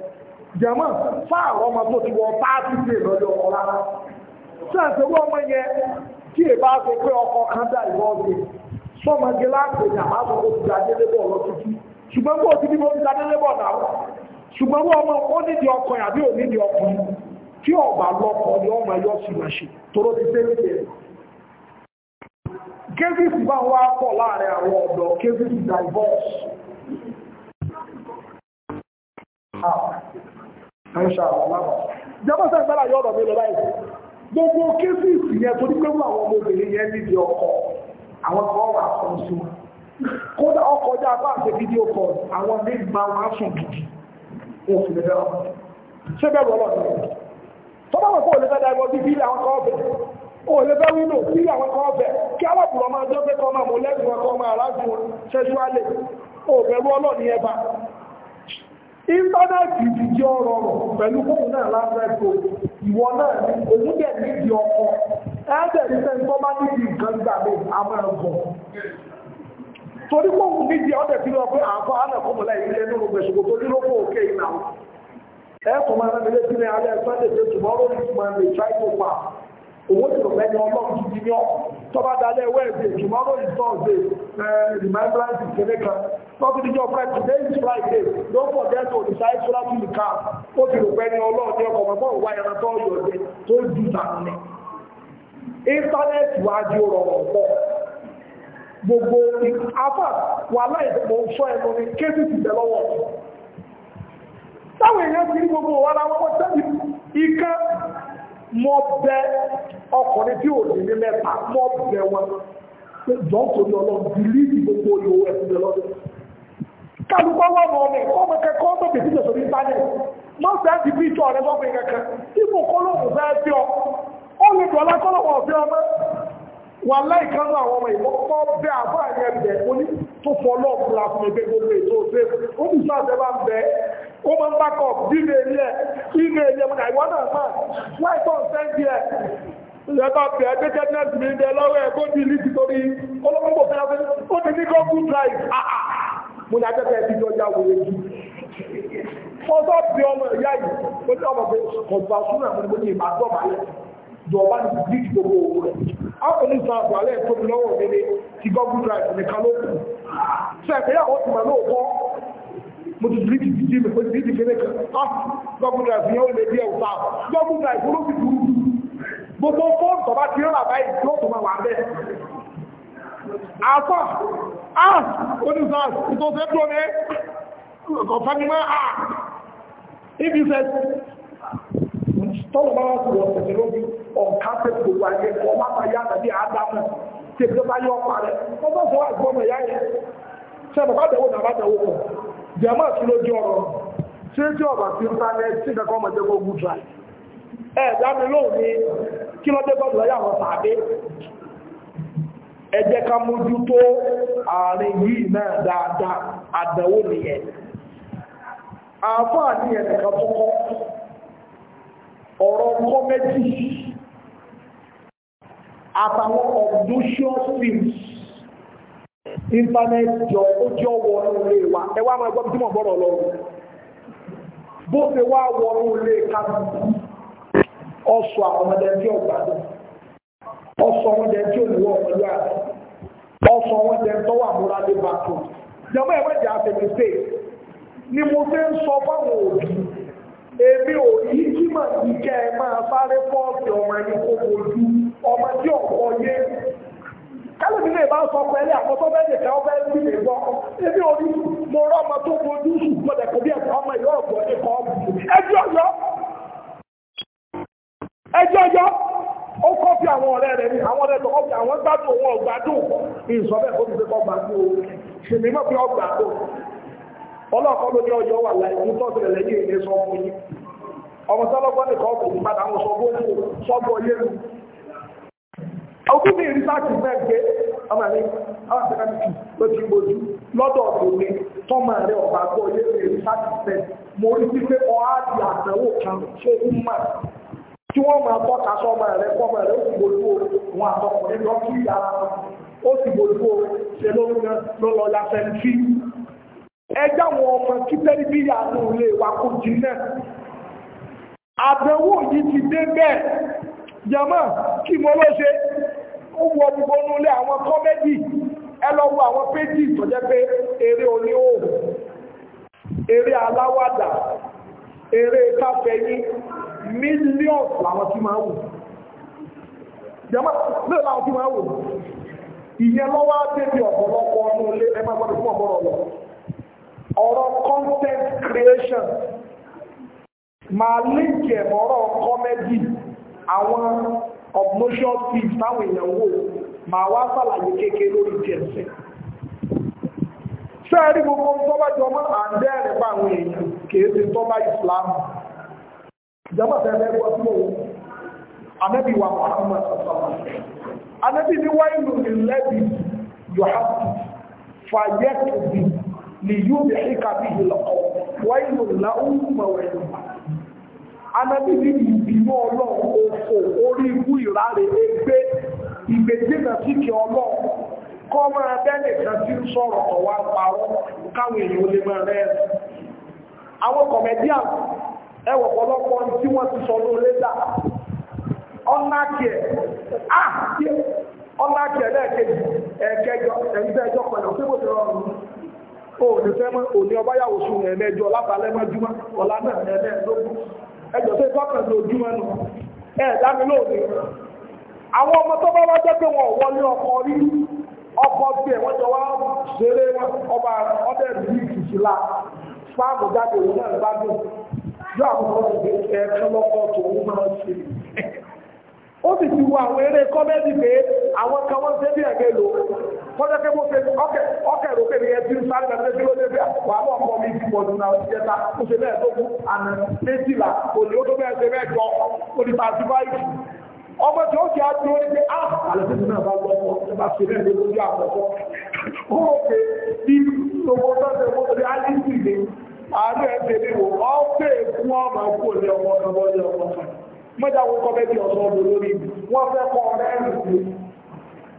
A: jẹ́mọ́ fáàrọ̀ ọmọ tó ti wọ páàtì dé lọ́lẹ́ ọkọ̀ rárá tí a ṣe wọ́n ọmọ yẹn kí è bá ṣe pé ọkọ̀ kan dá ìbọ̀nsẹ̀ sọmọge láàpẹ̀ ní àbábọ̀ ó ti dájé lébọ̀ lọ títí ṣùgbọ́n bó ti díbò ti dájé lébọ̀ náà ṣùgbọ́n bó ọmọ ó nídìí ọkùnrin àbí ò nídìí ọkùnrin tí ọ̀bà lọkọ̀ ni ọmọ yọ sí màṣẹ toró ti dé kéfìsì bá wá pọ̀ láàrin àwọn ọ̀dọ́ kéfìsì divorce jẹ́bọ́ sẹ́ ìgbẹ́lá yọ́ ọ̀rọ̀ mi lọ láìsí gbogbo kéfìsì yẹn tó ní pé àwọn ọmọ obìnrin yẹn níbi ọkọ àwọn kan wà fún sí wọn kódà ọkọ̀ ọjà bá àti fídíò kọ àwọn ní ìgbà wọn sùn gidi wọn sì lè fẹ́ràn ṣé bẹ́ẹ̀ wọ́n lọ́dún tó bá wọn kó lè fẹ́ dáìbọ̀ bíbí àwọn kan ọ̀bẹ̀ òlébẹ́ wínú sí àwọn kan ọ̀fẹ́ kí alábùrọ̀ máa jẹ́ pé máa mú lẹ́gbùn ọkọ̀ máa rájú sẹ́ṣúálẹ̀ òbẹ̀rú ọlọ́ni ẹba íńtánẹ́ẹ̀tì ìdíjí ọrọ̀ pẹ̀lú fóònù náà lásẹ̀kọ̀ ìwọ náà a máa gọ̀ torí fóònù níbi ọdẹ̀ fi lọ pé owó tí òfẹ́ ni ọlọ́run ti ní ọ́ tọ́ba dalẹ̀ wẹ́ẹ̀dẹ̀ tomorrow is thursday remembrance kéré kan tọ́bi níjọ́ friday today is friday don't forget to recite surah to the car ó ti òfẹ́ ni ọlọ́run ní ọkọ̀ mọ́mọ́ ìwà ẹran tó yọ̀ ọ̀dẹ tó ju tàbí ní. íńtánẹ́ẹ̀tì wá di rọrùn pọ̀ gbogbo afa wàhálà ìdìbò ń sọ ẹnu ní kéésì ti tẹ̀ lọ́wọ́ táwọn èèyàn ti ní gbogbo wàhálà wọn wọ́n tẹ́lẹ̀ ìkan mo bẹ ọkùnrin tí ò lè ní mẹ́ta mo bẹ wọn jọ́n torí ọlọ́run bìlíìdì gbogbo ìwò ẹ̀sìn lọ́dún kálukọ́ wọn mọ̀ ọmọ ẹ̀kọ́ ọmọ kẹ́kọ́ ọmọ bèbí lọ sórí íńtánẹ̀tì mọ́ fẹ́ ti bí ìtọ́ rẹ mọ́ fẹ́ kankan tí mo kọ́ lóhùn fẹ́ fi ọ ó lè dọ̀ọ́lá kọ́ lọ́wọ́ ọ̀fẹ́ ọmọ wà láìkánú àwọn ọmọ ìmọ́kọ́ bẹ́ àbá yẹn bẹ̀ oní tó fọ́ lọ́ọ̀kú la fún ẹgbẹ́ gbogbo ètò òṣè ó bù sáà tẹ́ bá ń bẹ ó máa ń bá kọ̀ bíbẹ̀ ilé ẹ̀ mi ń bẹ lọ́wọ́ ẹ̀ kó di ilé títorí olóńgbò fẹ́rẹ́ ó ti ní drive àà mo ní ajẹ́fẹ́ ti jọjá wòye jù ọjọ́ bí ọmọ ìyá yìí ó ní ọmọ pé kọ̀ọ̀bà súnà mo ní ìbàdàn báyẹ̀ jọba ní gbogbo òwúrọ̀ ápùlù sáàbù alẹ́ tó bí lọ́wọ́ mi ní ti gọ́gùn drive ní kálókù ṣe pé àwọn ti máa lóòótọ́ mo ti dìrí ti jí mi pé ti dìrí ní gọ́gùn drive yẹn ó lè bí ẹ̀wù sáà gọ́gùn drive ló fi dúró gbogbo fóònù tó bá ti rán àbáyé tí ó tó máa wà bẹ́ẹ̀ àfà áà ah, ní ọ̀fánimá áà ibi wá sí ọ̀sẹ̀ lógún ọ̀ká pé gbogbo ayé kọ́ má bá yá àtàbí àádámù tèmi tó bá yọ ọ̀pá rẹ̀ wọ́n bá sọ àgbọ̀ ọmọ ìyá yẹn ṣe àbọ̀ bá dẹ̀wò nàbá dẹ̀wò pọ̀ jẹ̀mọ́ sí lójú ọ̀rọ̀ ṣé tí ọ̀bà ti ń bá ní ẹtí kankan ọmọ ìjẹ́kọ̀ ogun tra ẹ̀ dámi lóhùn ní kí ló dé gbọ́dọ̀ lọ́yà wọn tàbí ẹ jẹ́ ká mójútó àárín yìí náà dáadáa àdẹ̀wò nìyẹn àfáà ní ẹ̀ẹ̀kan tó kọ́ ọ̀rọ̀ kọ́ méjì àtàwọn obnoxious films internet jọ ó jọ wọnú ilé wa ẹ wá máa tí mo gbọ́dọ̀ lọ bó ṣe wá wọnú ilé kábíyèsí ọ̀sọ̀ àwọn ọmọdé tí ọ̀gbà ọ̀sọ̀ àwọn ọmọdé tí òníwọ̀ ọ̀pẹ̀lú àti ọ̀sọ̀ àwọn ọmọdé tó wà múra lé bàtò jẹ́mọ́ ẹ̀wẹ́ jẹ́ àtẹ̀mí pé ni mo ṣe ń sọ fáwọn òbí èmi ò yí kí màá ní kẹ́ ẹ máa sáré fọ́ọ̀sì ọmọ ẹni kó bojú ọmọ tí ọ̀pọ̀ yé kálùmí lè bá sọ pé ẹlẹ́ àkọ́tọ́ bẹ́ẹ̀ lè tẹ́wọ́ bẹ́ẹ̀ bí lè gbọ́ ebi orí mo rọ́ ọmọ tó fojú sùn gbọ́dẹ̀ kò bí ẹ̀kọ́ ọmọ ìyá ọ̀gbọ́n ní kọ́ ẹjọ́ yọ ẹjọ́ yọ ó kọ́ fi àwọn ọ̀rẹ́ rẹ̀ ní àwọn ọ̀rẹ́ tọ́kọ́ àwọn gbádùn òun ọ̀gbádùn ìsọ bẹ́ẹ̀ kó ti fi kọ́ gbádùn o ṣèlè mọ́ fi ọgbàdùn ọlọ́ọ̀kọ́ ló ní ọjọ́ wà láì mú tọ́sí rẹ̀ lẹ́yìn èdè sọ fún ọmọ sọlọ́gbọ́n nìkan ọkùnrin padà àwọn sọ ọkú mi rí sáà ti bẹ́ẹ̀ gbé ọmọ mi àwọn àti káàkiri lójú ìbojú lọ́dọ̀ ọ̀dọ̀ mi tọ́mọ rẹ̀ ọ̀bà gbọ́ yé mi rí sáà ti bẹ́ẹ̀ mo rí sí pé ọ̀ á di àtẹ̀wò kan ṣé ń mà tí wọ́n máa tọ́ka sọ́mọ rẹ̀ kọ́mọ rẹ̀ ó sì bojú wọn àtọkùnrin lọ kí yàrá ó sì bojú ṣe lóyún ló lọ ya sẹ́ńtì ẹjá wọn ọmọ kí tẹ́lí bí yàrá òun wà kó jìnnà àbẹ̀wò yìí ti dé bẹ́ẹ̀ jàmá kí mo ló ṣe ó wọ n'ule nílé àwọn kọ́mẹ́dì awọn àwọn péjì tó pé eré oní òòrùn eré aláwàdà eré káfẹ́yìn mílíọ̀nù làwọn tí máa wò jẹ́mọ́ mẹ́rin tí máa wò ìyẹn lọ́wọ́ ọ̀pọ̀lọpọ̀ ọdún ilé ẹ content creation ma líǹkì kọ́mẹ́dì àwọn obnoxious things táwọn èèyàn wò máa wá sàlàyé kékeré lórí jẹ̀sẹ̀ sẹ́ẹ̀rí gbogbo tọ́ba jọmọ́ àndẹ́rẹ̀ bá àwọn èèyàn kìí ṣe tọ́ba Islam ìjọba tẹ́lẹ̀ gbọ́ sí òun anẹ́bí wa Muhammad sọ́sọ́mọ́ anẹ́bí ní wáyé lòdì lẹ́bí yọ̀hásì fàyẹ́kùbì ni yóò bẹ̀ẹ́ kábíyì lọ́kọ̀ wáyé lòdì láwùmọ̀wẹ̀ yọ̀hásì anábìbí ìbínú ọlọ́run òfò orí ikú ìráre egbé ìgbèjìnà síkì ọlọ́run kọ́ máa bẹ́lẹ̀ kan tí ń parọ́ káwọn èèyàn lè máa rẹ̀ àwọn comedian ẹwọ̀ pọ̀lọpọ̀ tí wọ́n ti sọ lórí ní fẹ́ mọ́ òní ọbáyàwó ọ̀lá náà ẹjọ́ tó tọ́kàn sí ojúmọ́ nù ẹ̀ dámi lóde àwọn ọmọ tó bá wá jẹ́ pé wọn ò wọlé ọkọ rí ọkọ tí ẹ̀ wọ́n jọ wá ṣeré ọba ọdẹ ìlú ìkìsìlá fáàmù jáde òun náà bá dùn yóò àwọn ọmọ tó ẹ kán lọ́kọ tó ń máa ṣe ó sì ti wo àwọn eré kọ́mẹ́dì pé àwọn kan wọ́n ṣe bí ẹ̀gẹ́ lò kọ́jọ́ wà bọ̀ kọ́ mi ti pọ̀jù náà ti jẹta ó ṣe bẹ́ẹ̀ tó kú àná méjìlá òní ó tó bẹ́ẹ̀ ṣe bẹ́ẹ̀ jọ ọmọ tí ó kí á dúró ní pé á àlẹ́sẹ̀ náà bá gbọ́ ọmọ ẹ bá ṣe bẹ́ẹ̀ lójú àkọ́kọ́ ó pé bí gbogbo tọ́jú owó torí á ní ìdílé àárẹ̀ ẹ̀ wò ọ́ pé fún ọmọ ẹ̀kú òní ọmọ ọmọ ọmọ ọmọ mọ́jà wo kọ́ bẹ́ẹ̀ bí ọ̀sán ọmọ lórí wọ́n fẹ́ kọ́ ọ̀rẹ́ ẹ̀rù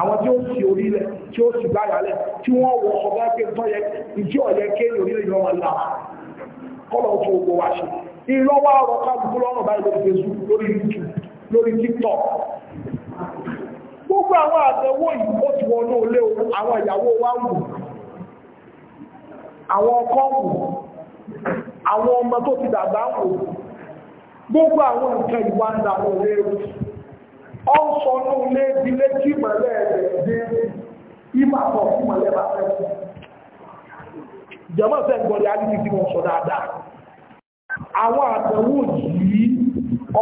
A: àwọn tí ó sì orí rẹ̀ tí ó sì gbáyà rẹ̀ tí wọ́n wọ ọ̀gá pé tọ́yẹ ìdí ọ̀yẹ kéèyàn orí ìlú wọn là kọ́lọ̀ tó gbogbo wa ṣe irọ́ ọ̀rọ̀ káàdùkú lọ́rùn báyìí lórí Facebook lórí YouTube lórí TikTok gbogbo àwọn àtẹwò yìí ó ti wọnú ilé àwọn ìyàwó wa wù àwọn ọkọ wù àwọn ọmọ tó ti dàgbà wù gbogbo àwọn nǹkan ìwà ń dàgbà lórí ọ ń sọ ní ilé ìdílé tí ìmọ̀lẹ́ rẹ̀ dé ìmọ̀ àpọ̀ fún ìmọ̀lẹ́ bá fẹ́ fún jẹ́mọ́ sẹ́ gbọ́dọ̀ alìsí tí wọ́n sọ dáadáa àwọn àtẹ̀wò yìí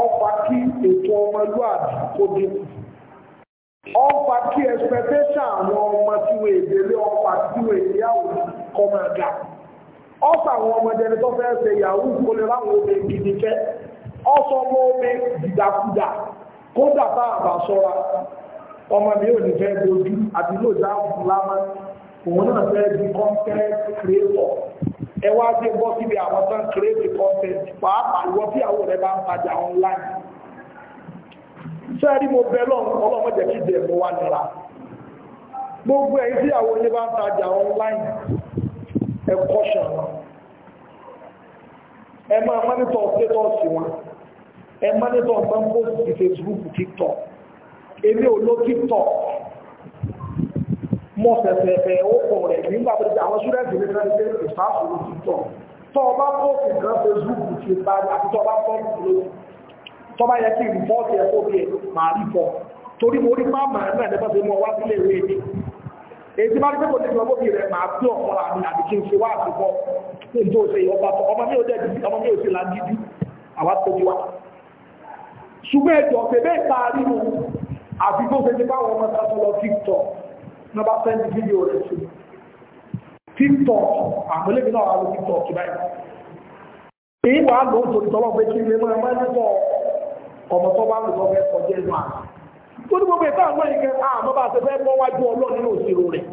A: ọfà kí ètò ọmọlúwàbí kó dé ọfà kí expectation àwọn ọmọ tí wọ́n èdèlé ọfà tí wọ́n èdèyàwó kọ́ máa ga ọfà àwọn ọmọdé ẹni tó fẹ́ ṣe yahoo kó láwọn obìnrin gidi fẹ́ ọmọ obìnrin kódà bá àbá sọ́ra ọmọ mi ò ní fẹ́ dojú àti ló dá lámá òun náà fẹ́ di content creator ẹ wá dé bọ́ síbi àwọn tán create content pàápàá ìwọ tí àwọn rẹ bá mo bẹ lọ́run ọlọ́mọ jẹ́ kí mo gbogbo ẹ̀yin tí àwọn bá ń ẹ kọ́ṣọ̀ wọn ẹ máa wọn ẹ mọ́nítọ̀ ọ̀gbọ́n post ti Facebook TikTok èmi ò lo TikTok mọ́ fẹ̀fẹ̀fẹ̀ ó kọ̀ rẹ̀ nígbà pẹ̀lú àwọn ṣúrẹ́ǹtì ní sẹ́ńtẹ́ ìfàṣù ló TikTok tọ́ ọba post nǹkan Facebook ti bá àti tọ́ ọba post ló tọ́ bá yẹ kí rìpọ́ọ̀tì ẹ̀kọ́ bí ẹ̀ máa rí pọ̀ torí mo rí máàmà náà nípa tí mo wá sílé ìwé mi èyí tí máa ń tẹ́kọ̀ọ́ nípa bóbi rẹ̀ máa gbé ọ̀pọ̀ àmì àti kí n ṣe wá àtúkọ́ ní ìjọ òṣèlú ọba ọmọ mi ò dẹ̀ ọmọ mi ò sì lágídí àwa tó ti wá ṣùgbọ́n ẹ̀jọ̀ bẹ̀bẹ̀ ìparí mu àfi kó ṣe ti bá wọn mọ́ta sọ tiktok náà bá sẹ́ndì fídíò rẹ̀ sí tiktok àmúlẹ́bí náà wà ló tiktok báyìí èyí wà á lò ó torí tọ́wọ́ pé kí ilé mọ́ ẹmọ́ ẹni tọ́ ọmọ tó bá lò lọ́fẹ́ kọjá ẹnu àná tó ní gbogbo ìta àwọn ìkẹ́ àmọ́ bá ṣe fẹ́ bọ́ wájú ọlọ́ nínú òṣèlú rẹ̀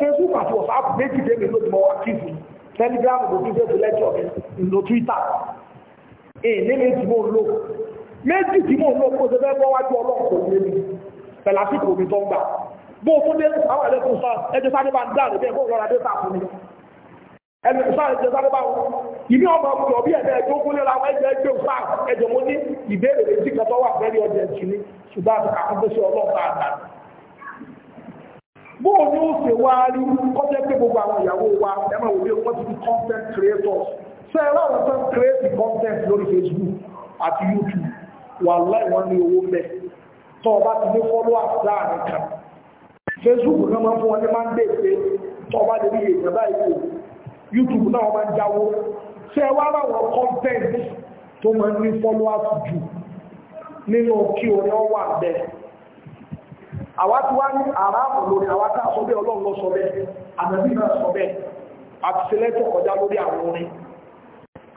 A: facebook àti whatsapp méjì dé mi lójúmọ́ telegram kò tún fẹ́ fi lẹ́jọ́ mi twitter èyí méjì mò ń lò méjì tí mò ń lò kó o ṣe fẹ́ bọ́ wájú ọlọ́run kò lé mi pẹ̀lú àsìkò mi tó ń gbà bó o tún dé àwọn ẹlẹ́kùn sọ ẹjọ́ sáré bá ń dáàrú bẹ́ẹ̀ kó lọ́ra dé sá fún mi ẹlẹ́kùn sáré ẹjọ́ sáré bá wọn ìní ọmọ ọkùnrin ọbí ẹ̀dẹ́ ẹjọ́ kó lé làwọn ẹjọ́ ẹjọ́ sá ẹjọ́ mo ní ìbéèrè méjì kan tó wà fẹ́rí ọjà ẹ̀jì ni ṣùgbọ́n àti àkókòṣe ọlọ́ọ̀ta àgbà bó o ní ó ṣe wá rí kọ́jẹ́ pé gbogbo àwọn ìyàwó wa ẹ ṣe ẹ̀rọ ń create content lórí Facebook àti YouTube wà láì wọ́n ní owó mẹ́ tó ọba ti ní followers láàrin Facebook náà máa ń fún wọn ní mandate pé tó ọba lè YouTube náà wọ́n máa ń jáwó ṣe content tó máa ń followers jù nínú kí orin ọ wà bẹ́ẹ̀ lórí àwa tá a sọ bẹ́ẹ̀ ọlọ́run lọ sọ bẹ́ẹ̀ àmọ́ bí náà sọ bẹ́ẹ̀ àti sílẹ̀ tó kọjá lórí àwọn orin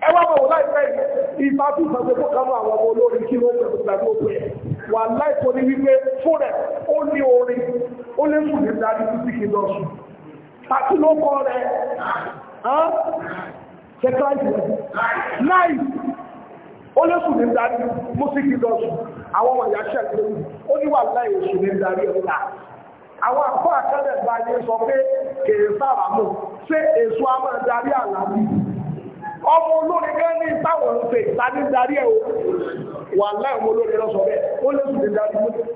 A: ẹ wá bọ̀ wọ́n láìpẹ́ ìfà tí ìfàṣẹ tó kánú àwọn ọmọ olórin kí ló ń pẹ̀lú ìgbà tó pẹ̀ wà láìpẹ́ ní wípé fún rẹ̀ ó ní orin ó lè sùn ní darí títí kí lọ sùn àti ló kọ́ rẹ̀ ṣẹ́kláìsì láì ó lè sùn ní darí músíkì lọ sùn àwọn ọmọ ìyá ṣẹ́ lórí ó ní wà láì a máa ọmọ olórin gan ní táwọn ń pè tani darí ẹ̀ o wà láì ọmọ olórin lọ sọ bẹ́ẹ̀ ó lè sùn dídá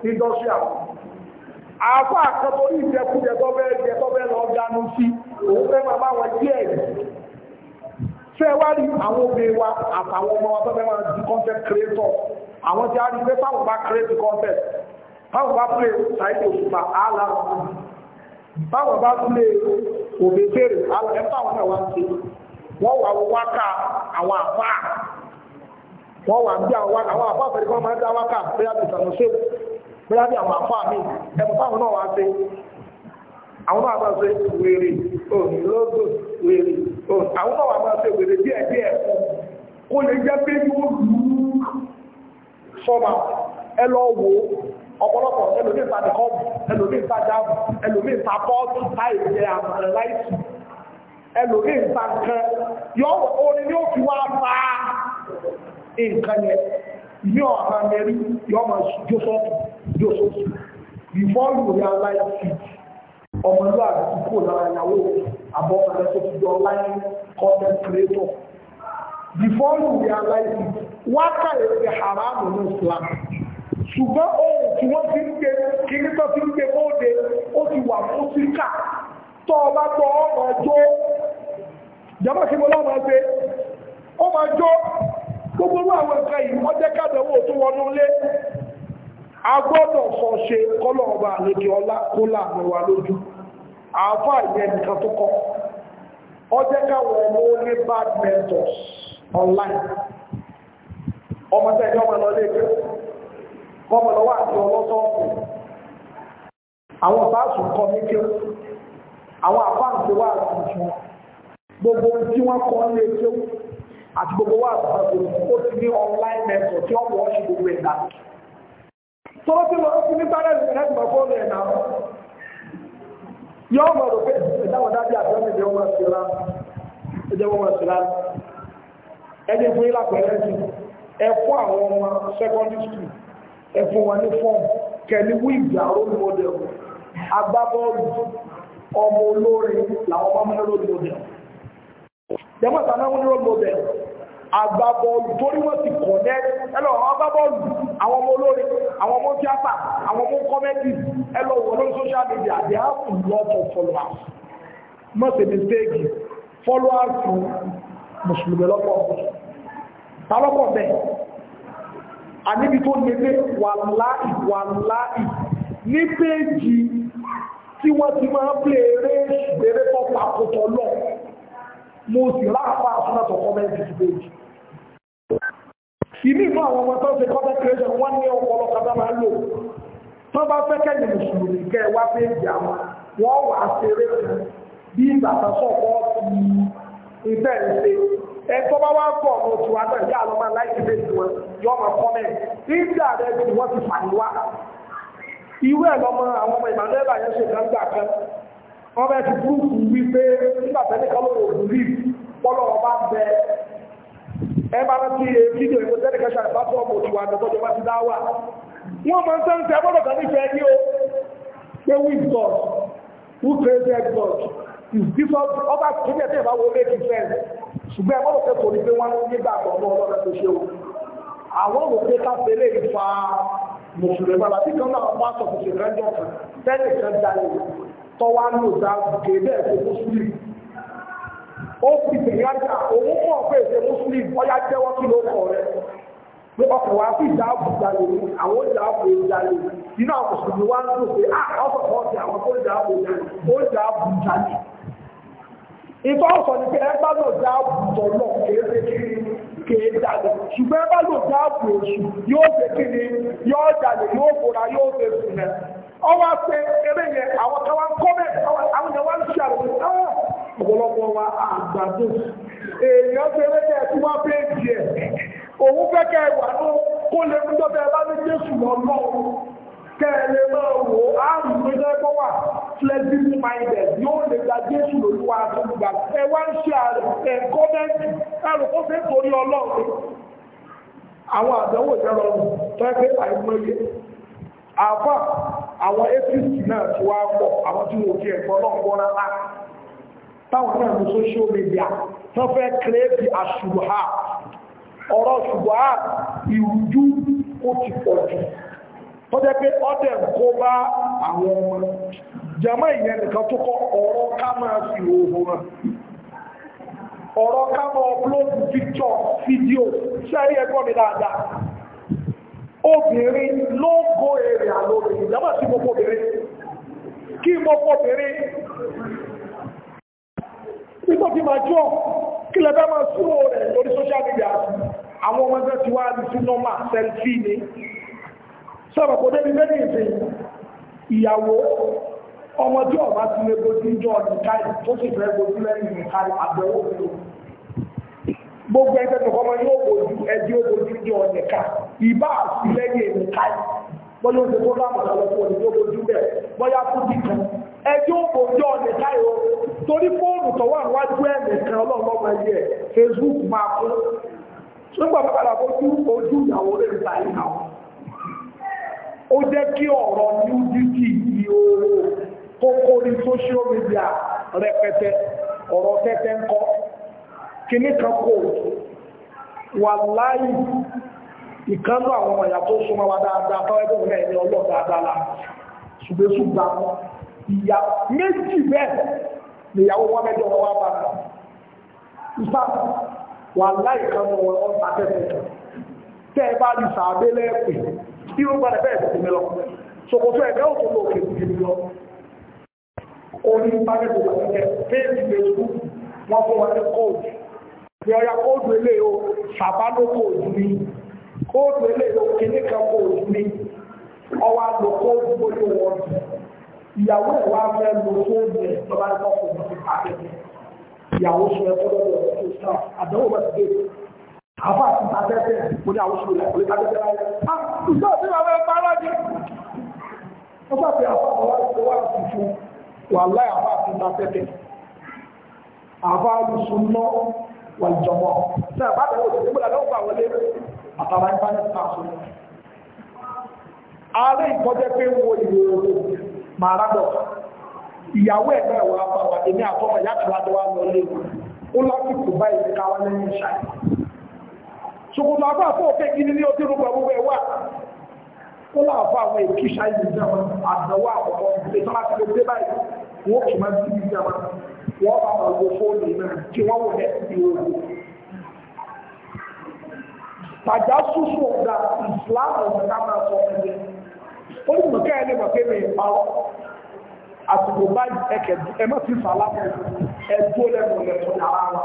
A: ní dọ́sí àwọn. àáfà àkọ́tọ̀ yìí jẹkújẹ tó bẹ́ẹ̀ jẹ tó bẹ́ẹ̀ lọ dánú sí òun fẹ́ máa bá wọn díẹ̀ fẹ́ wá rí àwọn obìnrin wa àtàwọn ọmọ wa tó fẹ́ máa di content creator àwọn tí a rí pé táwọn bá create content táwọn bá play ṣáìdì òṣùpá ààlà táwọn bá play òbí fèrè ààlà ẹ̀ táwọn náà wá ń ṣe wọ́n wà wákà àwọn wọ́n wà bí àwọn àwọn pẹ̀lú kọ́ ọmọ ń dá wákà bóyá bí ìsànúṣe bóyá bí àwọn àfá mi ẹ̀mú táwọn náà wá ṣe àwọn náà máa ṣe wèrè òní lódò wèrè òní àwọn náà wà máa wèrè díẹ̀ díẹ̀ kó lè jẹ́ pé lù ọ̀pọ̀lọpọ̀ ẹlòmí nǹkan kan yọ orin ní òfin wá bá nǹkan yẹn ní ọ̀hán mẹ́rin yọ ọmọ jósọ́ọ̀tù jósọ́ọ̀tù before you realize it ọmọ ìlú àti kò lára ìyàwó àbọ̀kàlẹ̀ tó ti jọ láyé content creator before you realize it wákà èdè haramu ní Islam ṣùgbọ́n ohun tí wọ́n ti ń gbé kí ní tó ti ń gbé bóde ó ti wà fún síkà tọ́ ọba tọ́ ọmọ jó jẹ́mọ́ kí mo lọ́mọ ẹgbẹ́ ó máa jó gbogbo àwọn nǹkan yìí wọ́n jẹ́ kádẹ̀wò tó wọnú lé agbọ́dọ̀ sọ ṣe kọ́lọ̀ ọba àlejò ọlá kó láàmú wa lójú àáfàá ìyẹn nìkan tó kọ́ ọ jẹ́ káwọn ọmọ ní bad mentors online ọmọ tẹ́ ẹ̀yọ́ ọmọ lọ́lé ẹgbẹ́ ọmọ lọ́wọ́ àti ọlọ́sọ̀ọ̀sẹ̀ àwọn báàsù kọ́ ní kéwù àwọn àfáǹsì wà tuntun gbogbo tí wọ́n kọ́ ní ètò àti gbogbo wà tuntun ó ti ní online method tí wọ́n wọ́n ṣe gbogbo ẹ̀dá tọ́wọ́ tí wọ́n ti ní bárẹ̀ ìrìnlẹ̀ ìgbà fọ́ọ̀lù ẹ̀dá yọ ọmọ rò pé ìdáwọ̀ dájú àti ọmọ ìdí ọmọ ìṣẹ̀lá ẹjẹ́ ọmọ ìṣẹ̀lá ẹjẹ́ fún ilá pẹ̀lẹ́ sí ẹ̀fọ́ àwọn ọmọ secondary school ẹ̀fọ́ wọn ní fọ́ọ̀mù kẹ̀lú wíìgì àrùn mọ́dẹ̀lù agbábọ́ọ̀lù ọmọ olórin làwọn ọmọ mẹ́rin ló lò bẹ̀rẹ̀ jẹ́mọ́ ìtàná wọn ló lò bẹ̀rẹ̀ agbábọ́ọ̀lù torí wọ́n ti kọ̀ ní ẹlọ agbábọ́ọ̀lù àwọn ọmọ olórin àwọn ọmọ tíátà àwọn ọmọ kọ́mẹ́tì ẹlọ wọ̀ lórí social media they have a lot of followers má ṣe mistake followers fún mùsùlùmí lọ́pọ̀ tálọ́pọ̀ bẹ́ẹ̀ àníbi tó nílé wàláì wàláì ní péjì tí wọ́n ti máa ń pè eré ìgbèrè tó takòtò lọ mo sì láàpá àfúnàtọ̀ kọ́mẹ́ntì ìbejì. ìmí inú àwọn ọmọ tó ń ṣe content creation wọ́n ní ọpọlọ kan máa lò tó bá fẹ́ kẹ́yìn mùsùlùmí kẹ́ ẹ wá pé ìdí àwọn wọ́n wà á ṣeré kan bí ìgbà sọ́kọ́ ti ìfẹ́ ìṣe ẹ̀kọ́ bá wá bọ̀ ọ̀nà òtù wa náà yá àlọ́ máa láì ìwé ẹ̀lọ́mọ àwọn ọmọ ìmàlẹ́bà yẹn ṣe gbangba kan wọ́n bẹ́ẹ̀ ti gúrùpù wípé nígbàtẹ́ ní kọ́lọ́ òbúrí pọ́lọ́ ọba ń bẹ ẹ bá rán sí fídíò ìwé tẹ́lẹ̀ kẹsà ìbátọ́ ọmọ òtù àná tọ́jọ́ bá ti dá wà wọ́n máa ń sẹ́ ń sẹ́ gbọ́dọ̀ kan nífẹ̀ẹ́ ní o pé with God who created God is different ọba kíkẹ́ tẹ́ ìbáwọ̀ ilé ti fẹ́ ṣùgbọ́n ẹgbọ́dọ̀ pé kò ní pé wọ́n nígbà àkọ́kọ́ ọlọ́run tó ṣe o àwọn òkè ká mùsùlùmí bàbá tí kan náà bá sọ kùsùn kan jọ tẹ́lẹ̀ kan dalẹ̀ tọ́wá ló dá kéde ẹ̀sẹ̀ mùsùlùmí ó fi tẹ̀yà òun mọ̀ pé ẹ̀sẹ̀ mùsùlùmí ọ̀yá jẹ́wọ́ kí ló kọ̀ rẹ̀ pé ọkọ̀ ìdáàbò àwọn ìdáàbò mùsùlùmí ń lò pé ah, àwọn tó ìdáàbò kèé jalè ṣùgbọ́n ẹ bá lò dáàbò oṣù yóò fẹ́ kí ni yóò jalè yóò fòrà yóò fẹ́ fún náà pé eré yẹn àwọn káwọn kọ́mẹ̀ àwọn yẹn wọ́n ń ṣe àrùn náà ah! ọ̀pọ̀lọpọ̀ wa àgbàdo èèyàn fẹ́rẹ́ kẹ́ ẹ̀ tí wọ́n fẹ́ di ẹ̀ òun fẹ́ kẹ́ wà kó lè dọ́bẹ̀ bá ní Jésù kẹ́ẹ̀lẹ́ máa wò áàrùn tó jẹ́ wà flexible minded yóò lè gba jésù lòlúwa tó ẹ wá ń ṣe àrẹ gọ́ọ̀mẹ́ntì ẹrù kó fẹ́ torí àwọn àdánwò àìmọye àfà àwọn apc náà ti wá pọ̀ àwọn tí wọ́n fi ẹ̀kọ́ náà gbọ́ rárá táwọn náà ní social media tó fẹ́ ọ̀rọ̀ tó jẹ́ pé ọ́dẹ̀ kó bá àwọn ọmọ jẹmọ́ ìyẹn nìkan tó kọ ọ̀rọ̀ ká máa fi òhun hàn ọ̀rọ̀ ká máa upload picture fídíò sẹ́rí ẹgbọ́n mi dáadáa obìnrin ló ń go èrè àlóbìnrin ìjọba tí mo kóbìnrin kí mo kóbìnrin nígbà tí máa jọ kí lẹ́gbẹ́ máa súnmọ́ rẹ̀ lórí social media àwọn ọmọ ẹgbẹ́ ti wá ní sí normal selfie sọ̀rọ̀ kò débi bẹ́ẹ̀ ní ìyàwó ọmọ tí ọba ti lè bojú ìjọ ọdún káyì tó sì fẹ́ bojú lẹ́yìn ìkáyì àbẹ̀wò òkú gbogbo ẹgbẹ́ tó kọ́mọ yóò bojú ẹjẹ́ bojú ìjọ ọdún ká ìbá àti lẹ́yìn ìkáyì bọ́yá oṣù tó bẹ́ẹ̀ bọ́yá fún torí fóònù tó wà níwájú ẹ̀yẹ Facebook máa ó jẹ́ kí ọ̀rọ̀ nudity ní oró kókó ní social media rẹpẹtẹ ọ̀rọ̀ tẹ́tẹ́ ń kọ́ kíní kan kò wà láì ìkánú àwọn ọmọ ìyà tó súnmọ́ wa dáadáa káwẹ́gbọ̀n rẹ̀ ní ọlọ́ dáadáa la ṣùgbẹ́sùgbà wọn ìyá méjì bẹ́ẹ̀ nìyàwó wọn mẹ́jọ wọn wá bá a ìfà wà láì ìkánú ọ̀rọ̀ tẹ́tẹ́ tẹ́ bá rí sàbẹ́lẹ́ pè irú padà bẹ́ẹ̀ tó tèmi lọ ṣòkòtò ẹ̀gá òtò lọ òkè tèmi lọ orí pákẹ́tì pàtẹ́kẹ́ péèjì facebook wọ́n fún wọn ní kóòdù ní ọya kóòdù eléyìí o sàbánú kóòdù ni kóòdù eléyìí o kìnnìkan kóòdù ni ọwọ́ àlọ́ kóòdù gbóyè wọn ìyàwó ẹ̀ wá fẹ́ lo fóònù ẹ̀ lọ́ba ẹ̀kọ́ fún mi àbẹ̀tẹ̀ ìyàwó sọ ẹ̀kọ́ lọ́dọ̀ ọ̀dọ̀ tó sáà àdánwò bá ti dé àbá àti tàbẹ́tẹ̀ mo ní àwọn ìṣòro ìpínlẹ̀ tàbẹ́tẹ̀ láyé ah ìjọ sí àwọn ẹgbẹ́ aláàjì wọ́n bá fi àbá àwọn aláàjì wà tuntun wà láyé àbá àti tàbẹ́tẹ̀ àbá alùsùn náà wà ìjọmọ́ sẹ́yìn bá tẹ̀wọ́ òṣèlú gbọ́dọ̀ lọ́wọ́ gbà wọlé àtàrà ìbánẹ́ sàásùn ààrẹ ìkọjẹ́ pé wo ìwòrò màrádọ̀ ìyàwó ẹ̀gbẹ́ ẹ̀wọ̀ àbáwà èmi àtọ́mọ̀ yàtọ̀ adọ́wà lọ lé ó lásìkò báyìí káwọn lẹ́yìn ṣáà ṣòkòtò àbá àpò òkè gidi ní ojú rúgbà gbogbo ẹ̀ wà ó àwọn èkìṣà ìlú jẹ́wọ́n àtẹ̀wọ́ àkọ́kọ́ ètò láti lè báyìí wọ́n kì máa ti ìjà wọn wọ́n bá wọn wo fóònù náà kí wọ́n wò ní ìwò. Tàjà súnfò ọ̀dà ìsìláàmù ọ̀dà máa sọ ẹ̀jẹ̀. Ó ní mi Àtùkù báyìí ẹ̀kẹ́ má lẹ́nu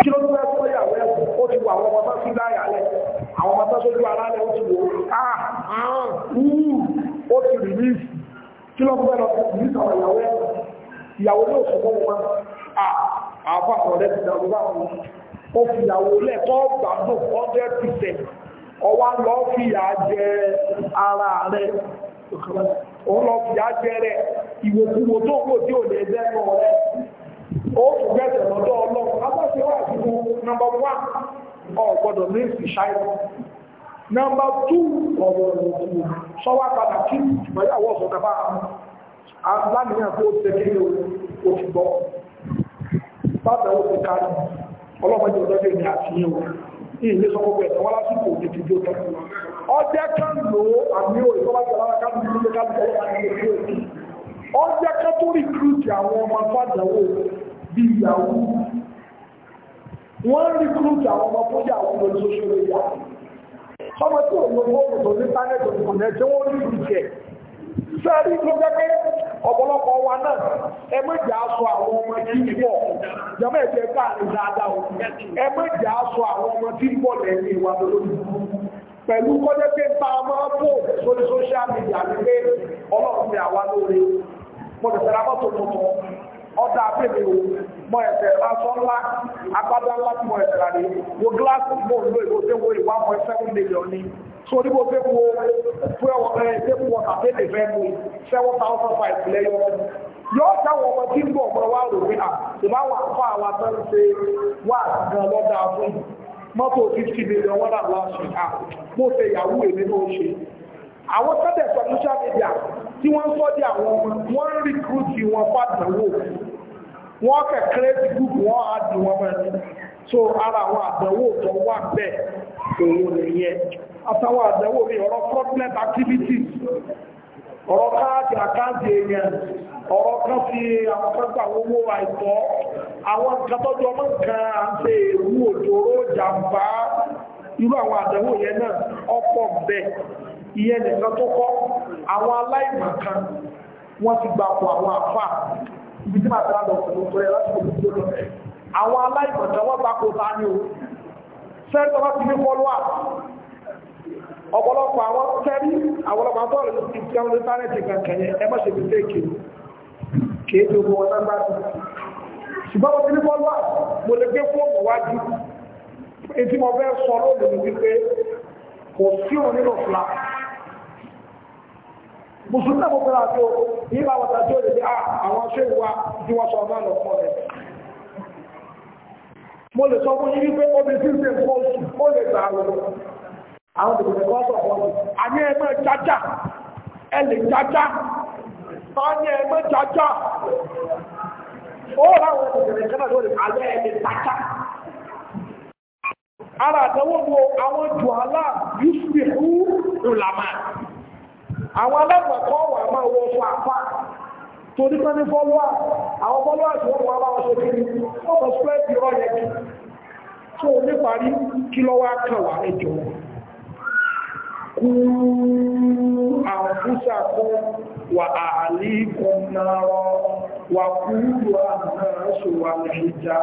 A: kí ló fẹ́ fún ìyàwó ẹ̀ ó ti wo àwọn ọmọ tó fi láyà lẹ̀ àwọn ọmọ tó sójú ara lẹ̀ ó ti wò ó ah, ah, ti rìlíìsì kí ló fẹ́ lọ fún ìyàwó ìyàwó ẹ̀ ìyàwó ní òṣù fún wọn ah, àbá ọ̀rẹ́ ti dàrú bá wọn ó fi ìyàwó lẹ̀ tó gbádùn hundred percent ọwá lọ fìyà jẹ ara rẹ̀ òun lọ fìyà jẹ rẹ̀ ìwòkúwò tó kò tí ò lè bẹ́ẹ̀ ó tún gbẹ̀sẹ̀ lọ́dọ̀ ọlọ́run abáṣe wà síbu nọmba wán ọ̀gbọ́dọ̀ ní ìṣáyọ̀ nọmba tú ọ̀gbọ́dọ̀ òkú sọ́wọ́ padà kí ìgbéyàwó ọ̀sán kaba aláàmìyàn tó ṣe kéde òfin bọ́ bàbá ó ti kárí ọlọ́mọdé ọ̀dọ́dẹ́ ni àfihàn o ilé sọ gbogbo ẹ̀sán wọ́n lásìkò ètò ìjọ tán ọjẹ́ kan lò àmì òyìnbó bá ti ọjọ́ ká tó rìkúrútì àwọn ọmọ fàdáwò bíi ìyàwó wọ́n rìkúrútì àwọn ọmọ tó yà wọ́n lórí social ọmọ tí ò lọ fóònù tó ní pánẹ́tì òkùnkù náà tí wọ́n rìkúrútì ẹ̀ sẹ́ẹ̀rí ló jẹ́ wa náà ẹ mẹ́jẹ̀ aṣọ àwọn ọmọ tí ń dáadáa o ẹ mẹ́jẹ̀ aṣọ àwọn ọmọ mo lè fẹ́ra mọ́tò tuntun ọ̀dà àbẹ̀mí o mọ ẹ̀sẹ̀ aṣọ ńlá agbádá ńlá tí mo ẹ̀sẹ̀ rẹ̀ wo gíláàsì mo ń lo èwo tẹ́ wo ìwà mọ́ seven million ni so ní mo fẹ́ wo fún ẹ̀wọ̀n ẹ̀ ṣé mo wọ̀ta fẹ́ lè fẹ́ mu seven thousand five lẹ́yọ yóò táwọn ọmọ tí ń bọ̀ ọmọ wa rò pé à ìbáwọn àkọ́ àwọn atán ṣe wà gan mọ́tò fifty million wọ́n dà lọ́sùn à mo fẹ́ yahoo èmi náà ṣe àwọn tẹ́tẹ̀ sọ social media tí wọ́n ń sọ di àwọn ọmọ wọ́n ń recruit wọn fàdánwò wọ́n kẹ̀kẹ́rẹ́ ti gúúpù wọ́n á di wọn mọ́ so ara àwọn àdánwò tó wà bẹ́ẹ̀ òun nìyẹn àtàwọn àdánwò mi ọ̀rọ̀ fraudulent activities ọ̀rọ̀ káàkiri àkáǹtì èèyàn ọ̀rọ̀ kan fi àwọn kan gbà owó àìtọ́ àwọn nǹkan tọ́jú ọmọ nǹkan à ń ṣe èrú òjòrò jàǹbá irú àwọn àdánwò yẹn náà ọ̀pọ̀ ìyẹn nìkan tó kọ́ àwọn aláìmọ̀kan wọ́n ti gbapò àwọn àfà ibi tí màá tẹ́lá lọ sí lóòótọ́ yẹ láti kòkòrò tó lọ àwọn aláìmọ̀kan wọ́n gbapò ta ni o sẹ́ńtọ́ bá ti ní fọ́lọ́wà ọ̀pọ̀lọpọ̀ àwọn tẹ́rí àwọlọpọ̀ àtọ́rọ̀ ìfẹ́ olùtánẹ́tì kankanẹ̀ ẹmọ́ ṣe fífẹ́ èkè kéèkè ogun ọ̀nà bá ti ṣùgbọ́n mo ti ní bọ́lá mo lè gbé fóònù wájú kò sí òun nílò náà gbogbo àti o bá wọ́ta tí lè dé ah, àwọn ṣé ìwà tí wọ́n sọ ọmọ àlọ́ fún mo lè sọ fún yín wípé obìnrin tí ṣe nǹkan oṣù ó lè gbà àwọn àwọn ìdìbò nìkan sọ fún ọdún àní ẹgbẹ́ jájá ẹ lè jájá àní ẹgbẹ́ jájá ó ráwọn ìdìbò nìkan náà lórí ara àtẹwò bo àwọn jùhálà yusuf hu ulama àwọn alágbàkọ́ wà máa wọ fún apá torí pé ní fọ́lọ́wà àwọn fọ́lọ́wà tí wọ́n wọ́n láwọn ṣe kiri ọkọ̀ spread the oil yẹn kí tó ní parí kí lọ́wọ́ kàwà ẹjọ́ kú àfúsà kún wà àálí kún náà wà kúrò àmì náà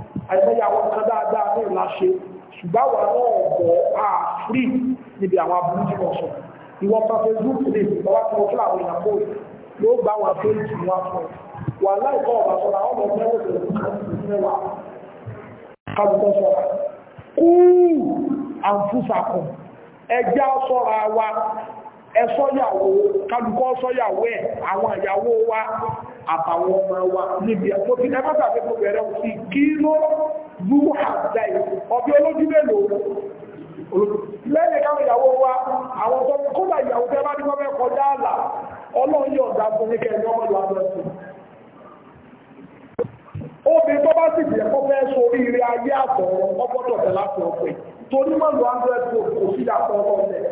A: àìmọye àwọn kan dáadáa ní ìláṣẹ ṣùgbọ́n àwọn náà ọ̀pọ̀ àfírí níbi àwọn aburú tí wọ́n sọ ìwọ̀n pa facebook lè lọ́wọ́ tí wọ́n fún àwọn èèyàn bóyá yóò gbá wọn péjì wọn fún wà láìpọ̀ ọ̀bà sọ́ra ọmọ mẹ́wọ́ ìrìn mẹ́wàá kájúkọ́ sọ́ra kúù àǹfúsàkùn ẹjá sọ́ra wa ẹ sọ́yàwó kálukọ́ sọ́yàwó ẹ̀ àwọn ìyàwó wa àtàwọn ọmọ wa níbi ẹ̀kọ́ tí ẹgbẹ́ta fẹ́ kò bẹ̀rẹ̀ sí kí ló gbúgbù àjá ọbí olójú mélòó lẹ́yìn káwọn ìyàwó wa àwọn obìnrin tó bá sì jẹ́ kó fẹ́ sórí ire ayé àtọ̀rọ̀ ọgbọ́dọ̀ tẹ̀ láti ọ̀pẹ̀ torí mọ̀ lọ hundred gold kò sí ìdàpọ̀ ọkọ̀ rẹ̀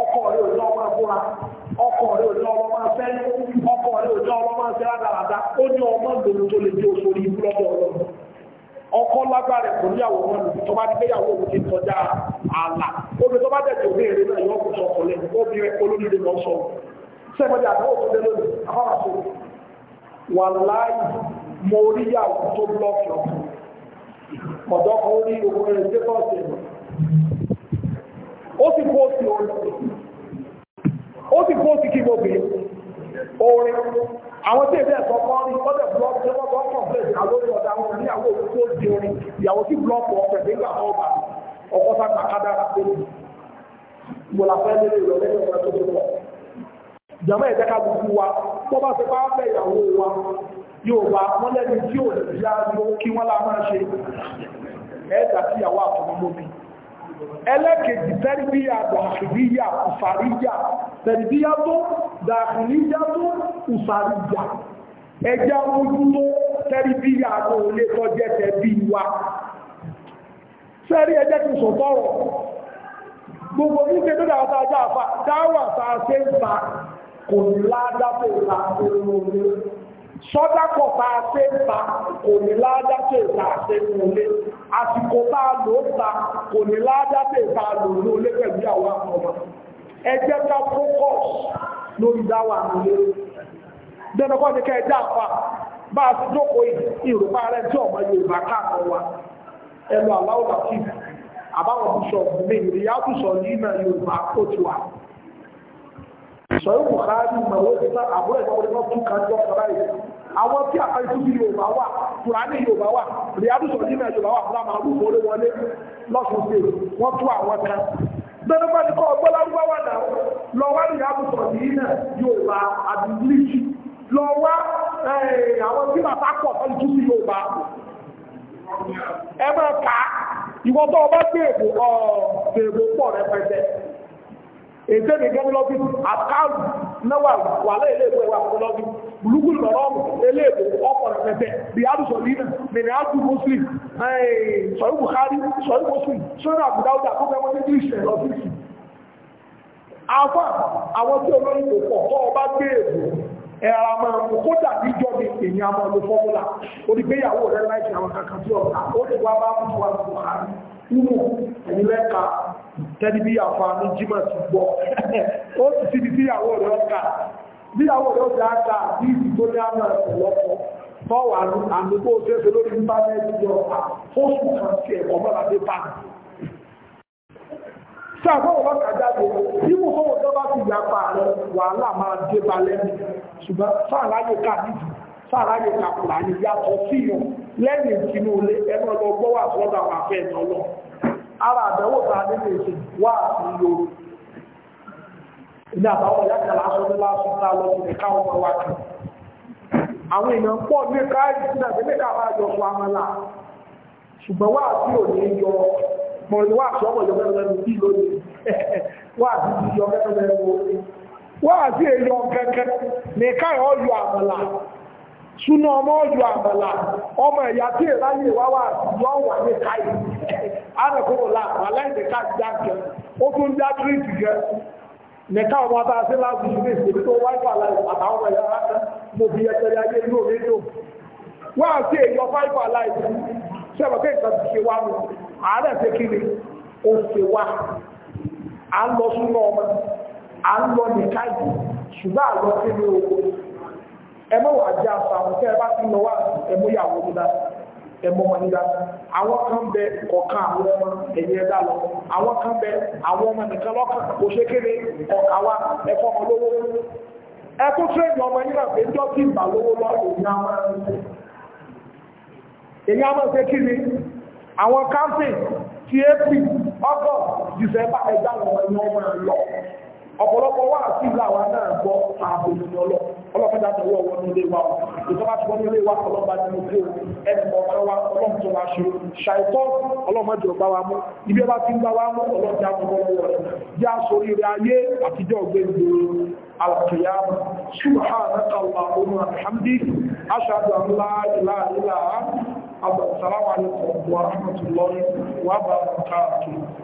A: ọkọ̀ rẹ̀ ò ní ọmọ ẹ̀kúra ọkọ̀ rẹ̀ ò ní ọmọ máa fẹ́ ọkọ̀ rẹ̀ ò ní ọmọ máa fẹ́ rádaràda ó ní ọmọ ìgbòho tó lè dé òṣòrí ibú lọ́dọ̀ ọlọ́run ọkọ̀ lágbára ẹ̀kọ́ níyàwó wọn lò tó bá dé yàwó òun ti kọjá ààlà obìnrin tó bá dẹ̀jẹ̀ òbéèrè náà yọ ọkùnrin sọkùnrin obìnrin olóríire lọ sọ sẹ́gbẹ̀dẹ̀ àdáwò tó dé lónìí àbáwá sọ wàláyì mo rí yàwó tó blọọkì ọkùnrin ọ̀dọ́ kan rí ogun rẹ̀ dé bọ́ọ̀sì ẹ̀mọ́ ó sì póòsì orin ó sì póòsì kí gbogbo orin àwọn tí èdè ẹ̀sọ́ kan rí ọdẹ blọọkì tí wọ́n bọ́ọ̀kọ̀ bẹ́ẹ̀ àlórí ọ̀dà àwọn oníyàwó póòsì orin ìyàwó sí blọọkì ọ̀pẹ̀ nígbà ọba ọkọ̀ sápà kádàrà pé gbọ́lá fẹ́ lé ìrọ̀lẹ́ ìrọ̀lẹ́ tó tó lọ bá ti bá fẹ́ ìyàwó wa yóò bá wọ́n lẹ́ni tí ò lè yá ló kí wọ́n lá máa ṣe ẹ̀ẹ́dà tí ìyàwó àtọmọmọ́bí ẹlẹ́kẹ̀ẹ́jì tẹ́rìbíyà dàkìríyà ùsàríyà tẹ́rìbíyà tó dàkìríyà tó ùsàríyà ẹjá ojúló tẹ́rìbíyà tó lè tọ́jẹ́ tẹ́bí wa sẹ́rí ẹjẹ́ kí n sọ tọ́rọ̀ sọ́dápọ̀ bá a ṣe ń ta kò ní láádáṣe ìta àṣẹ ìmúlé àsìkò bá a lò ó ta kò ní láádáṣe ìta lò ní olé pẹ̀lú àwọn àkọ́mọ́ ẹ jẹ́ ká fókọ̀s lórí dáwà nílé dẹ́nukọ́ ni kẹ́ ẹ já àpá bá a ti jókòó ìrùpá rẹ̀ tí ọmọ Yorùbá káàkọ́ wa ẹnu àláwọ̀ bàtí àbáwọn bùsọ̀ mi ìrìyà bùsọ̀ yìí náà Yorùbá kò ti wà sọ̀rọ̀ buhari mọ̀wé nípa àbúrò ìfọwọ́dé náà tún ká jọ kọ́ra yìí àwọn tí àpáyé tún bí yorùbá wà kùránì yorùbá wà rìádù sọ̀rọ̀ nínú yorùbá wà fúnra máa rúbọ orí wọlé lọ́sùn sí wọ́n tú àwọn kan bẹ́ẹ̀ bá ti kọ́ ọgbọ́n lárúbáwá náà lọ wá rìádù sọ̀rọ̀ nínú yorùbá àdìgbìlìjì lọ wá eh, àwọn tí bàbá pọ̀ sọ́ni tún sí yorùbá ẹ máa kà á ìwọ́n tó ọba gbé èbò ọ̀ ètò ìgbẹ́ lọ́bí àkáàlù náwà wàlẹ́ iléèbó ẹwà lọ́bí burúkú lọ́rọ́mù iléèbó ọkọ̀ rẹpẹtẹ ríadùsọ̀ lina mìíràdù muslim sọ̀rọ̀ buhari sọ̀rọ̀ muslim sọ̀rọ̀ àbúdáwùdà kọ́kọ́ wọn ní ìṣẹ̀ lọ́fíìsì afá àwọn tí olórin kò pọ̀ tọ́ ọba gbé èbò ẹ̀rà máa mú kódà níjọ́ mi èyàn àmọ́ lo fọ́múlà onígbéyàwó rẹ̀ láìsí àwọn kankan tí ọ̀tá ó ti wá bá mú wa buhari nínú ẹ̀yìn lẹ́ka tẹ́lí bí àfààní jímọ̀ ti gbọ́ ó sì síbi tí ìyàwó rẹ̀ ọ̀kà bí ìyàwó rẹ̀ ọ̀kà àkà bí ìdí tó ní àmà ọ̀pọ̀lọpọ̀ tọ́wà àdúgbò tẹ́sẹ̀ lórí íńtánẹ́ẹ̀tì lọ àfóṣù kan sí ẹ̀kọ́ mọ́ra dé pàmì tí àbọ̀wò bá kà jáde bí mo fọwọ́ tó bá ti yà pa rẹ wàhálà máa dé balẹ̀ mi ṣùgbọ́n sáàláyé ká nídìí sáàláyé ká kùrà ní yàtọ̀ síyàn lẹ́yìn ìtinú ilé ẹnu ọlọ́gbọ́wà sọ́dọ̀ àwọn afẹ́ ìtọ́lọ́ ara àbẹ̀wò ta nílé èsì wà sí yòó ní àbáwọ̀ ìyá kan lásọ ní lásọ ní alọ́ sí ẹ̀ka ọmọ wa kan àwọn èèyàn pọ̀ ní káàdì sí náà nílé ká máa yọ fún amọ́lá ṣùgbọ́n wà sí òní yọ mọ̀lẹ́ wà sí ọmọ yọ ní káàdì súnà ọmọ ọjọ́ àmàlà ọmọ ẹ̀yà tí èèyàn láyé wá wà yọ wà ní káyì àrẹ̀kọ́wò láàpá láìsí káàkiri àkẹ́ ó tún já gíríìtì gẹ nìka ọmọ bá sí láti ṣe ìṣèlú tó wáìfà láì àtàwọn ọmọ ẹ̀yà rárá mo fi ẹsẹ̀rẹ̀ ayé inú mi dùn wọ́n á sí èyí ọfáìfà láì sẹ́wọ̀n kí nǹkan ti ṣe wá mi àárẹ̀ ṣe kí ni ó ṣe wá à ń lọ súnà ọmọ à ń lọ nìka yìí ṣùgbọ́n àlọ́ sí ní owó ẹ mọ̀ wà jẹ́ àṣà àwọn tẹ́ ẹ bá ti lọ wá ẹ mú ìyàwó nígbà ẹ mú ọmọ nígbà àwọn kan bẹ kọ̀ọ̀kan àwọn ọmọ ẹ̀yìn ẹ̀dá lọ àwọn kan bẹ àwọn ọmọ nìkan lọ́kàn kò ṣe kéde ọ̀kà wa ẹ̀fọ́ ọmọ lówó ẹ tó tẹ́lẹ̀ ọmọ yìí náà pé kí ìgbà lówó lọ èyí á máa ń èyí á ṣe kí ni àwọn kámpìn tí april august december ẹ̀dá lọ́wọ́ ni wọ́n máa ń lọ ọ̀pọ̀lọpọ̀ wà sí ìlú àwa náà gbọ́ ààbò ìrìn ọlọ́ ọlọ́pàá tó wọ́ wọn nílé wa ìjọba tí wọ́n nílé wa ọlọ́pàá ní ojú ẹnì kọ̀ọ̀kan wa ọlọ́pàá tó wa ṣe ṣàìtọ́ ọlọ́pàá jọ wa mú ibi ọba tí ń bá wa mú ọlọ́pàá tó wọ́ wọ́ rẹ̀ jẹ́ aṣọ rírẹ ayé àtijọ́ gbẹ̀gbẹ̀ alkiyama